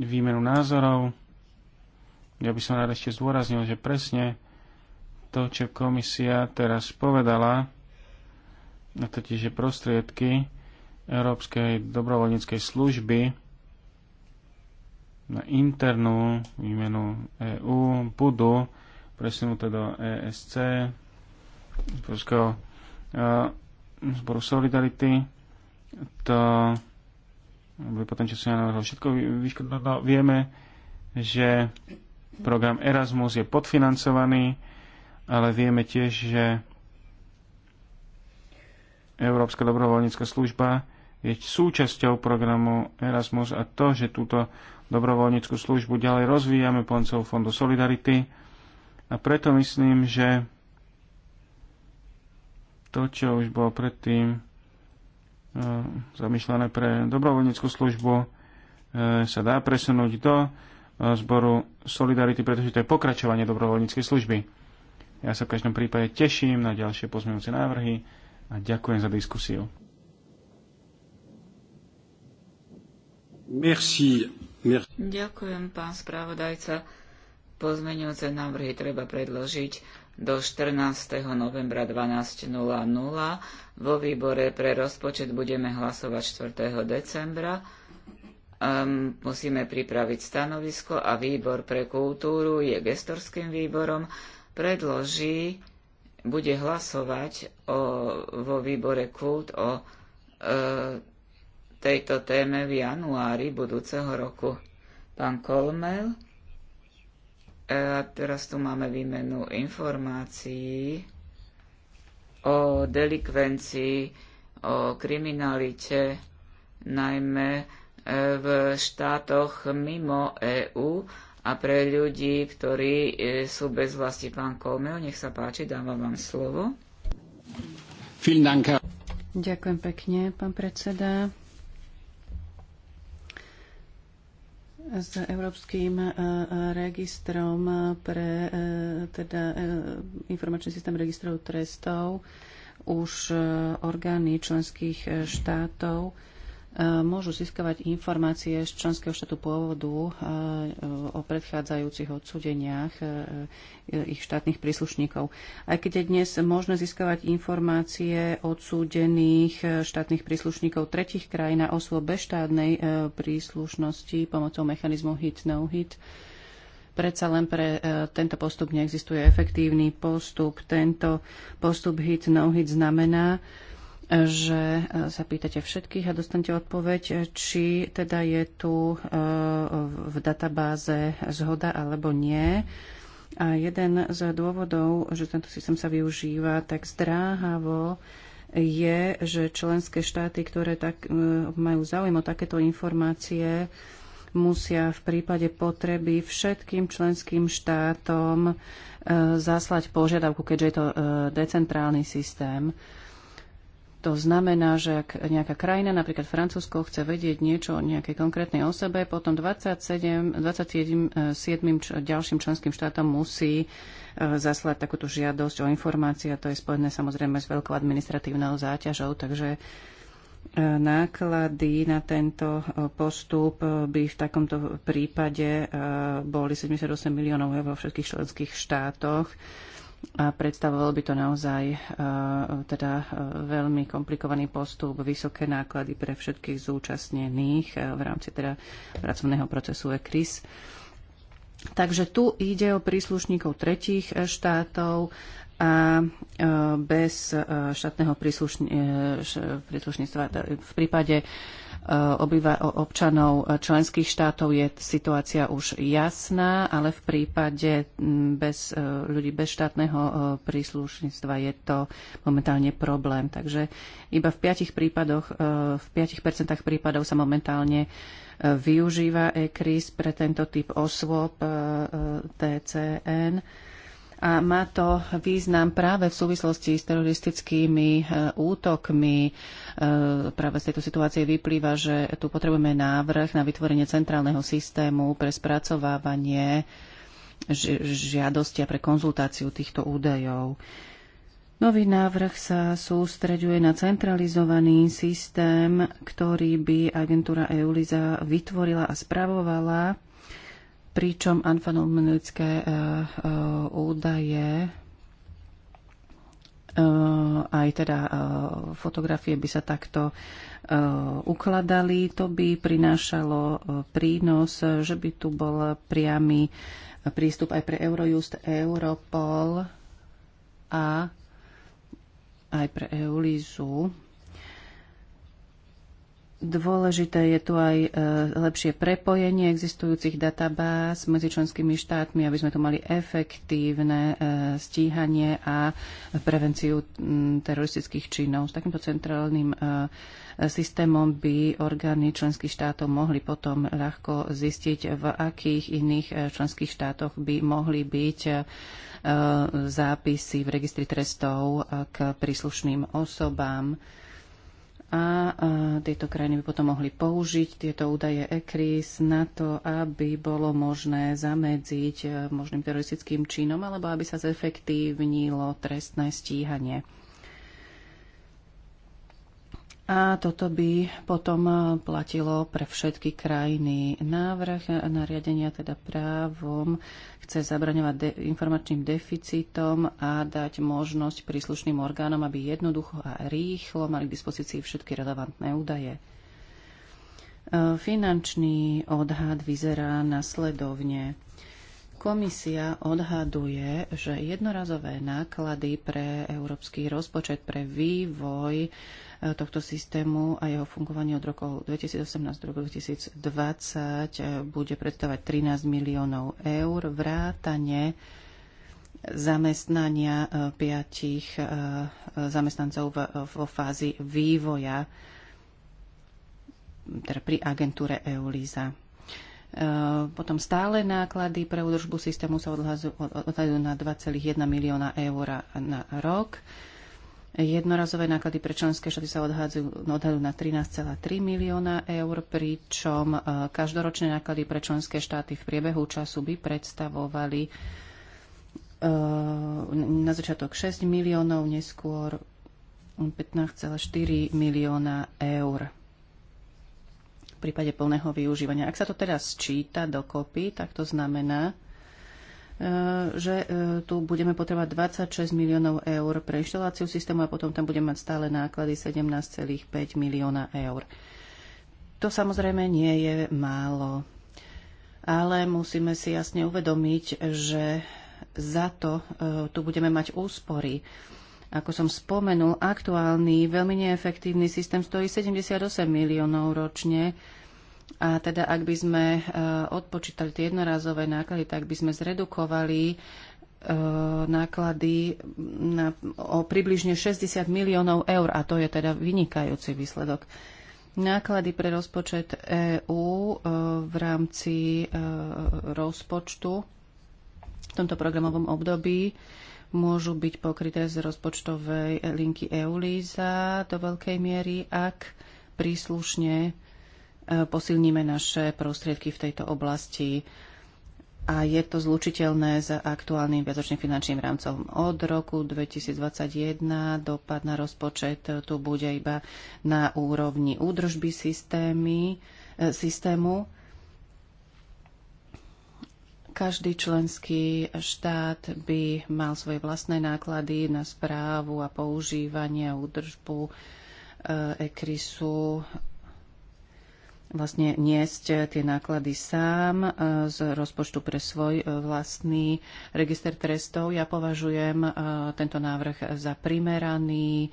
výmenu názorov. Ja by som rád ešte zdôraznil, že presne to, čo komisia teraz povedala, a totiž, že prostriedky Európskej dobrovoľníckej služby na internú výmenu EU budú presunuté do ESC, e, zboru Solidarity. To bude potom, čo sa všetko vyškodno. No, vieme, že program Erasmus je podfinancovaný, ale vieme tiež, že Európska dobrovoľnícka služba je súčasťou programu Erasmus a to, že túto dobrovoľníckú službu ďalej rozvíjame pomocou Fondu Solidarity. A preto myslím, že to, čo už bolo predtým e, zamýšľané pre dobrovoľníckú službu, e, sa dá presunúť do e, zboru Solidarity, pretože to je pokračovanie dobrovoľníckej služby. Ja sa v každom prípade teším na ďalšie pozmeňujúce návrhy a ďakujem za diskusiu. Merci. Merci. Ďakujem, pán spravodajca. Pozmeňujúce návrhy treba predložiť do 14. novembra 12.00. Vo výbore pre rozpočet budeme hlasovať 4. decembra. Um, musíme pripraviť stanovisko a výbor pre kultúru je gestorským výborom. Predloží, bude hlasovať o, vo výbore kult o e, tejto téme v januári budúceho roku. Pán Kolmel, e, a teraz tu máme výmenu informácií o delikvencii, o kriminalite, najmä e, v štátoch mimo EÚ a pre ľudí, ktorí e, sú bez vlasti. Pán Kolmel, nech sa páči, dávam vám slovo. Ďakujem pekne, pán predseda. s Európskym e, registrom pre e, teda, e, informačný systém registrov trestov už orgány členských štátov Eh, môžu získavať informácie z členského štátu pôvodu eh, o predchádzajúcich odsudeniach eh, ich štátnych príslušníkov. Aj keď je dnes možné získavať informácie odsúdených štátnych príslušníkov tretich krajín a osôb bez štátnej príslušnosti pomocou mechanizmu hit-no-hit, no hit predsa len pre tento postup neexistuje efektívny postup. Tento postup hit no hit znamená, že e, sa pýtate všetkých a dostanete odpoveď, e, či teda je tu e, v databáze zhoda alebo nie. A jeden z dôvodov, že tento systém sa využíva tak zdráhavo, je, že členské štáty, ktoré tak, majú záujem o takéto informácie, musia v prípade potreby všetkým členským štátom zaslať požiadavku, keďže je to decentrálny systém. To znamená, že ak nejaká krajina, napríklad Francúzsko, chce vedieť niečo o nejakej konkrétnej osobe, potom 27, 27 e, ďalším členským štátom musí e, zaslať takúto žiadosť o informácie a to je spojené samozrejme s veľkou administratívnou záťažou, takže e, náklady na tento postup by v takomto prípade boli 78 miliónov eur vo všetkých členských štátoch a predstavovalo by to naozaj e, teda e, veľmi komplikovaný postup, vysoké náklady pre všetkých zúčastnených e, v rámci teda pracovného procesu ECRIS. Takže tu ide o príslušníkov tretích štátov a bez štátneho príslušníctva v prípade Eh, obyva, občanov členských štátov je situácia už jasná, ale v prípade mm, bez, eh, ľudí bez štátneho eh, príslušníctva je to momentálne problém. Takže iba v 5 prípadoch, v 5% prípadov sa momentálne využíva ECRIS pre tento typ osôb TCN a má to význam práve v súvislosti s teroristickými e, útokmi. E, práve z tejto situácie vyplýva, že tu potrebujeme návrh na vytvorenie centrálneho systému pre spracovávanie žiadosti a pre konzultáciu týchto údajov. Nový návrh sa sústreďuje na centralizovaný systém, ktorý by agentúra EULISA vytvorila a spravovala pričom alfanumenické e, e, údaje e, aj teda fotografie by sa takto ukladali. To by prinášalo prínos, že by tu bol priamy prístup aj pre Eurojust, Europol a aj pre Eulizu Dôležité je tu aj e, lepšie prepojenie existujúcich databáz medzi členskými štátmi, aby sme tu mali efektívne e, stíhanie a prevenciu teroristických činov. S takýmto centrálnym e, systémom by orgány členských štátov mohli potom ľahko zistiť, v akých iných členských štátoch by mohli byť zápisy v registri trestov k príslušným osobám a, tieto krajiny by potom mohli použiť tieto údaje ECRIS na to, aby bolo možné zamedziť e, možným teroristickým činom alebo aby sa zefektívnilo trestné stíhanie. A toto by potom e, platilo pre všetky krajiny. Návrh nariadenia teda právom chce zabraňovať de- informačným deficitom a dať možnosť príslušným orgánom, aby jednoducho a rýchlo mali k dispozícii všetky relevantné údaje. E, finančný odhad vyzerá nasledovne. Komisia odhaduje, že jednorazové náklady pre európsky rozpočet pre vývoj E, tohto systému a jeho fungovanie od roku 2018 do roku 2020 e, bude predstavať 13 miliónov eur vrátane zamestnania e, piatich zamestnancov vo fázi vývoja teda pri agentúre EULISA. Potom stále náklady pre údržbu systému sa odhľadú na 2,1 milióna eur na rok Jednorazové náklady pre členské štáty sa odhadzujú, odhadujú na 13,3 milióna eur, pričom e, každoročné náklady pre členské štáty v priebehu času by predstavovali e, na začiatok 6 miliónov, neskôr 15,4 milióna eur v prípade plného využívania. Ak sa to teraz sčíta dokopy, tak to znamená, E, že e, tu budeme potrebovať 26 miliónov eur pre inštaláciu systému a potom tam budeme mať stále náklady 17,5 milióna eur. To samozrejme nie je málo, ale musíme si jasne uvedomiť, že za to e, tu budeme mať úspory. Ako som spomenul, aktuálny, veľmi neefektívny systém stojí 78 miliónov ročne, a teda ak by sme e, odpočítali tie jednorazové náklady, tak by sme zredukovali e, náklady na, o približne 60 miliónov eur a to je teda vynikajúci výsledok. Náklady pre rozpočet EÚ e, v rámci rozpočtu v tomto programovom období môžu byť pokryté z rozpočtovej linky EULISA do veľkej miery, ak príslušne posilníme naše prostriedky v tejto oblasti a je to zlučiteľné s aktuálnym viacročným finančným rámcom. Od roku 2021 dopad na rozpočet tu bude iba na úrovni údržby systémy, e, systému. Každý členský štát by mal svoje vlastné náklady na správu a používanie a údržbu ECRISu vlastne niesť tie náklady sám e, z rozpočtu pre svoj e, vlastný register trestov. Ja považujem e, tento návrh za primeraný,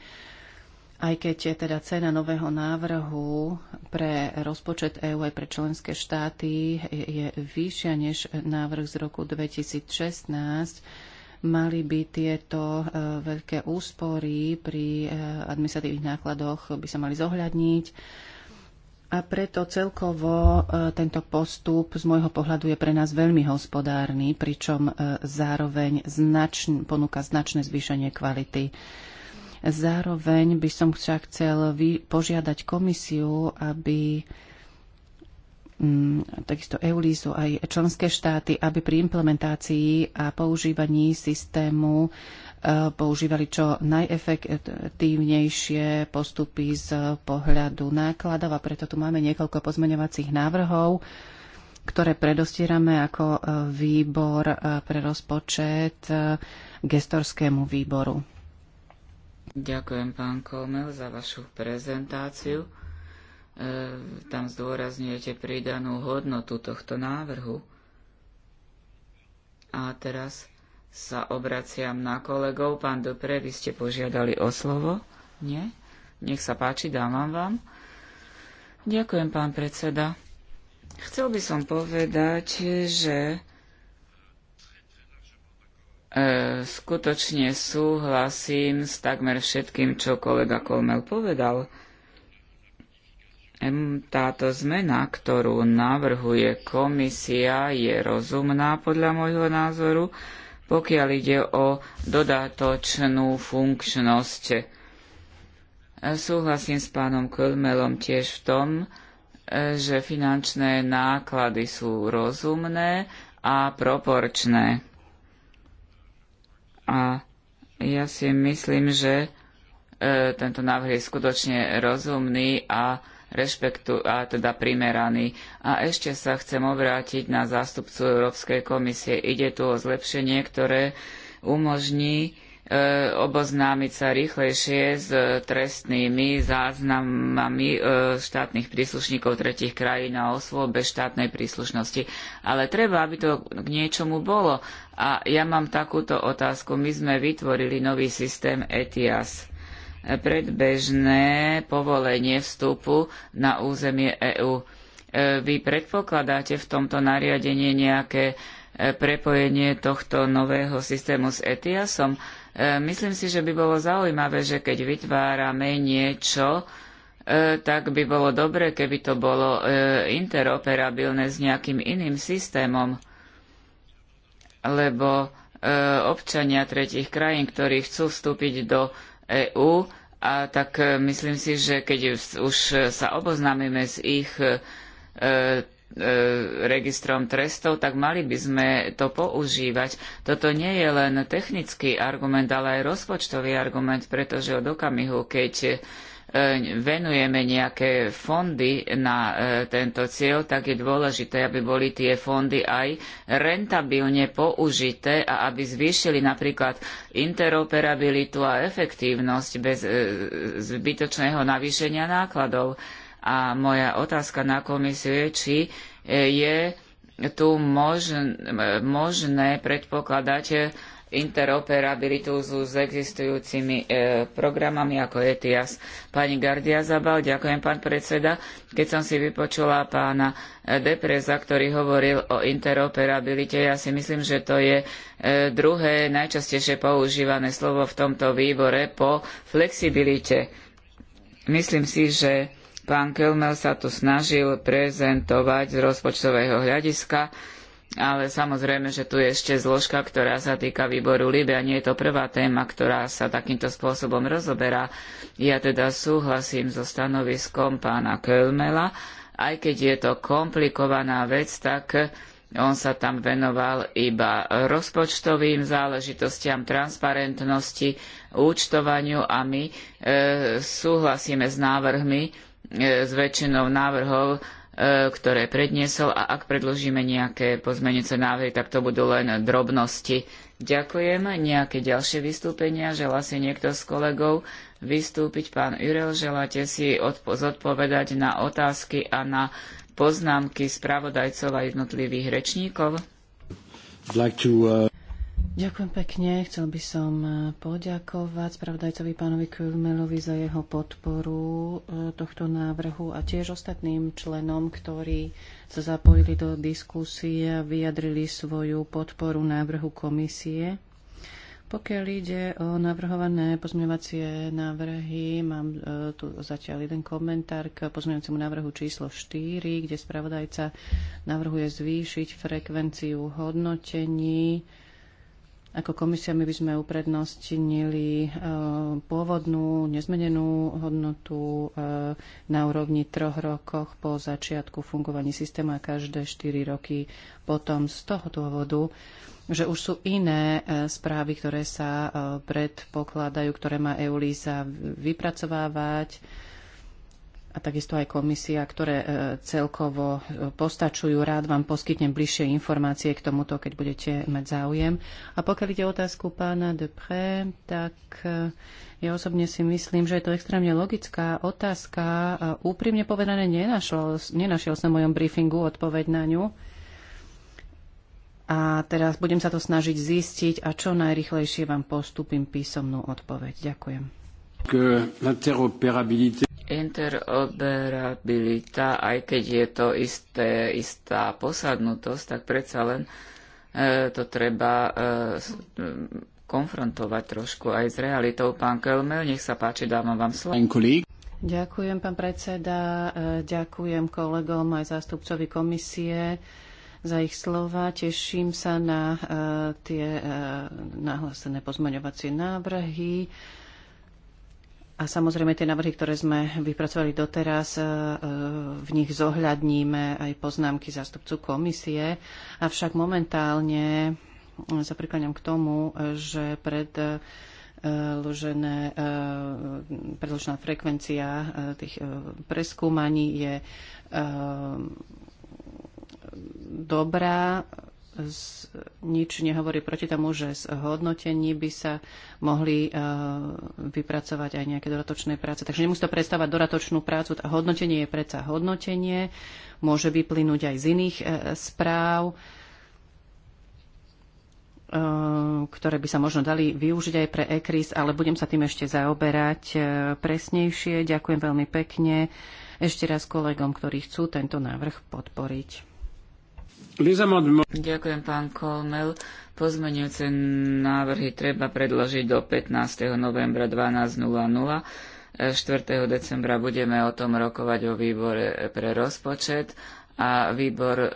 aj keď je teda cena nového návrhu pre rozpočet EÚ aj pre členské štáty je vyššia než návrh z roku 2016, mali by tieto veľké úspory pri administratívnych nákladoch by sa mali zohľadniť a preto celkovo e, tento postup z môjho pohľadu je pre nás veľmi hospodárny, pričom e, zároveň značn, ponúka značné zvýšenie kvality. Zároveň by som však chcel požiadať komisiu, aby mm, takisto EULISu aj členské štáty, aby pri implementácii a používaní systému používali čo najefektívnejšie postupy z pohľadu nákladov a preto tu máme niekoľko pozmeňovacích návrhov, ktoré predostierame ako e, výbor e, pre rozpočet e, gestorskému výboru. Ďakujem, pán Komel, za vašu prezentáciu. E, tam zdôrazňujete pridanú hodnotu tohto návrhu. A teraz sa obraciam na kolegov. Pán Dopre, vy ste požiadali o slovo? Nie? Nech sa páči, dávam vám. Ďakujem, pán predseda. Chcel by som povedať, že e, skutočne súhlasím s takmer všetkým, čo kolega Kolmel povedal. Táto zmena, ktorú navrhuje komisia, je rozumná podľa môjho názoru pokiaľ ide o dodatočnú funkčnosť. Súhlasím s pánom Kulmelom tiež v tom, že finančné náklady sú rozumné a proporčné. A ja si myslím, že e, tento návrh je skutočne rozumný a rešpektu a teda primeraný. A ešte sa chcem obrátiť na zástupcu Európskej komisie. Ide tu o zlepšenie, ktoré umožní e, oboznámiť sa rýchlejšie s trestnými záznamami e, štátnych príslušníkov tretich krajín a osôb bez štátnej príslušnosti. Ale treba, aby to k niečomu bolo. A ja mám takúto otázku. My sme vytvorili nový systém ETIAS predbežné povolenie vstupu na územie EÚ. E, vy predpokladáte v tomto nariadení nejaké e, prepojenie tohto nového systému s ETIASom? E, myslím si, že by bolo zaujímavé, že keď vytvárame niečo, tak by bolo dobre, keby to bolo interoperabilné s nejakým iným systémom, lebo občania tretich krajín, ktorí chcú vstúpiť do EÚ a tak e, myslím si, že keď už sa oboznámime s ich e, e, registrom trestov, tak mali by sme to používať. Toto nie je len technický argument, ale aj rozpočtový argument, pretože od okamihu, keď venujeme nejaké fondy na e, tento cieľ, tak je dôležité, aby boli tie fondy aj rentabilne použité a aby zvýšili napríklad interoperabilitu a efektívnosť bez e, zbytočného navýšenia nákladov. A moja otázka na komisiu je, či e, je tu možné predpokladať interoperabilitu s existujúcimi e, programami ako ETIAS. Pani Gardia Zabal, ďakujem pán predseda. Keď som si vypočula pána e, Depreza, ktorý hovoril o interoperabilite, ja si myslím, že to je e, druhé najčastejšie používané slovo v tomto výbore po flexibilite. Myslím si, že pán Kelmel sa tu snažil prezentovať z rozpočtového hľadiska ale samozrejme, že tu je ešte zložka, ktorá sa týka výboru Libe a nie je to prvá téma, ktorá sa takýmto spôsobom rozoberá. Ja teda súhlasím so stanoviskom pána Kölmela, aj keď je to komplikovaná vec, tak on sa tam venoval iba rozpočtovým záležitostiam, transparentnosti, účtovaniu a my e, súhlasíme s návrhmi, e, s väčšinou návrhov E, ktoré predniesol a ak predložíme nejaké pozmenujúce návrhy, tak to budú len drobnosti. Ďakujem. Nejaké ďalšie vystúpenia? Želá si niekto z kolegov vystúpiť? Pán Jurel, želáte si zodpovedať na otázky a na poznámky spravodajcov a jednotlivých rečníkov? Like to, uh... Ďakujem pekne. Chcel by som e, poďakovať spravodajcovi pánovi Kulmelovi za jeho podporu e, tohto návrhu a tiež ostatným členom, ktorí sa zapojili do diskusie a vyjadrili svoju podporu návrhu komisie. Pokiaľ ide o navrhované pozmeňovacie návrhy, mám e, tu zatiaľ jeden komentár k pozmeňovaciemu návrhu číslo 4, kde spravodajca navrhuje zvýšiť frekvenciu hodnotení ako komisia my by sme uprednostnili eh, pôvodnú nezmenenú hodnotu eh, na úrovni troch rokoch po začiatku fungovaní systému a každé 4 roky potom z toho dôvodu, že už sú iné eh, správy, ktoré sa predpokladajú, ktoré má EULISA vypracovávať a takisto aj komisia, ktoré e, celkovo e, postačujú. Rád vám poskytnem bližšie informácie k tomuto, keď budete mať záujem. A pokiaľ ide o otázku pána Depré, tak e, ja osobne si myslím, že je to extrémne logická otázka. úprimne povedané, nenašiel, nenašiel som v mojom briefingu odpoveď na ňu. A teraz budem sa to snažiť zistiť a čo najrychlejšie vám postupím písomnú odpoveď. Ďakujem. Interoperabilita, aj keď je to isté, istá posadnutosť, tak predsa len e, to treba e, e konfrontovať trošku aj s realitou. Pán Kelmel, nech sa páči, dávam vám slovo. Ďakujem, pán predseda. E, ďakujem kolegom aj zástupcovi komisie za ich slova. Teším sa na e, tie nahlásené pozmaňovacie návrhy. A samozrejme tie návrhy, ktoré sme vypracovali doteraz, e, v nich zohľadníme aj poznámky zástupcu komisie. Avšak momentálne e, sa prikláňam k tomu, e, že pred predložené, predložená frekvencia tých preskúmaní je dobrá z, nič nehovorí proti tomu, že z hodnotení by sa mohli e, vypracovať aj nejaké dodatočné práce. Takže nemusí to predstavať doratočnú prácu. A hodnotenie je predsa hodnotenie, môže vyplynúť aj z iných e, správ, e, ktoré by sa možno dali využiť aj pre ECRIS, ale budem sa tým ešte zaoberať e, presnejšie. Ďakujem veľmi pekne ešte raz kolegom, ktorí chcú tento návrh podporiť. Ďakujem, pán Kolmel. Pozmenujúce návrhy treba predložiť do 15. novembra 12.00. 4. E, decembra budeme o tom rokovať o výbore pre rozpočet a výbor e,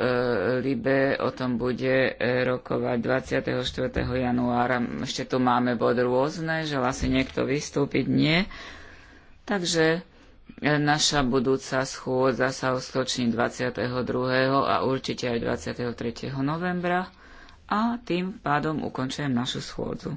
LIBE o tom bude e, rokovať 24. januára. Ešte tu máme bod rôzne, že asi niekto vystúpiť nie. Takže Naša budúca schôdza sa uskutoční 22. a určite aj 23. novembra a tým pádom ukončujem našu schôdzu.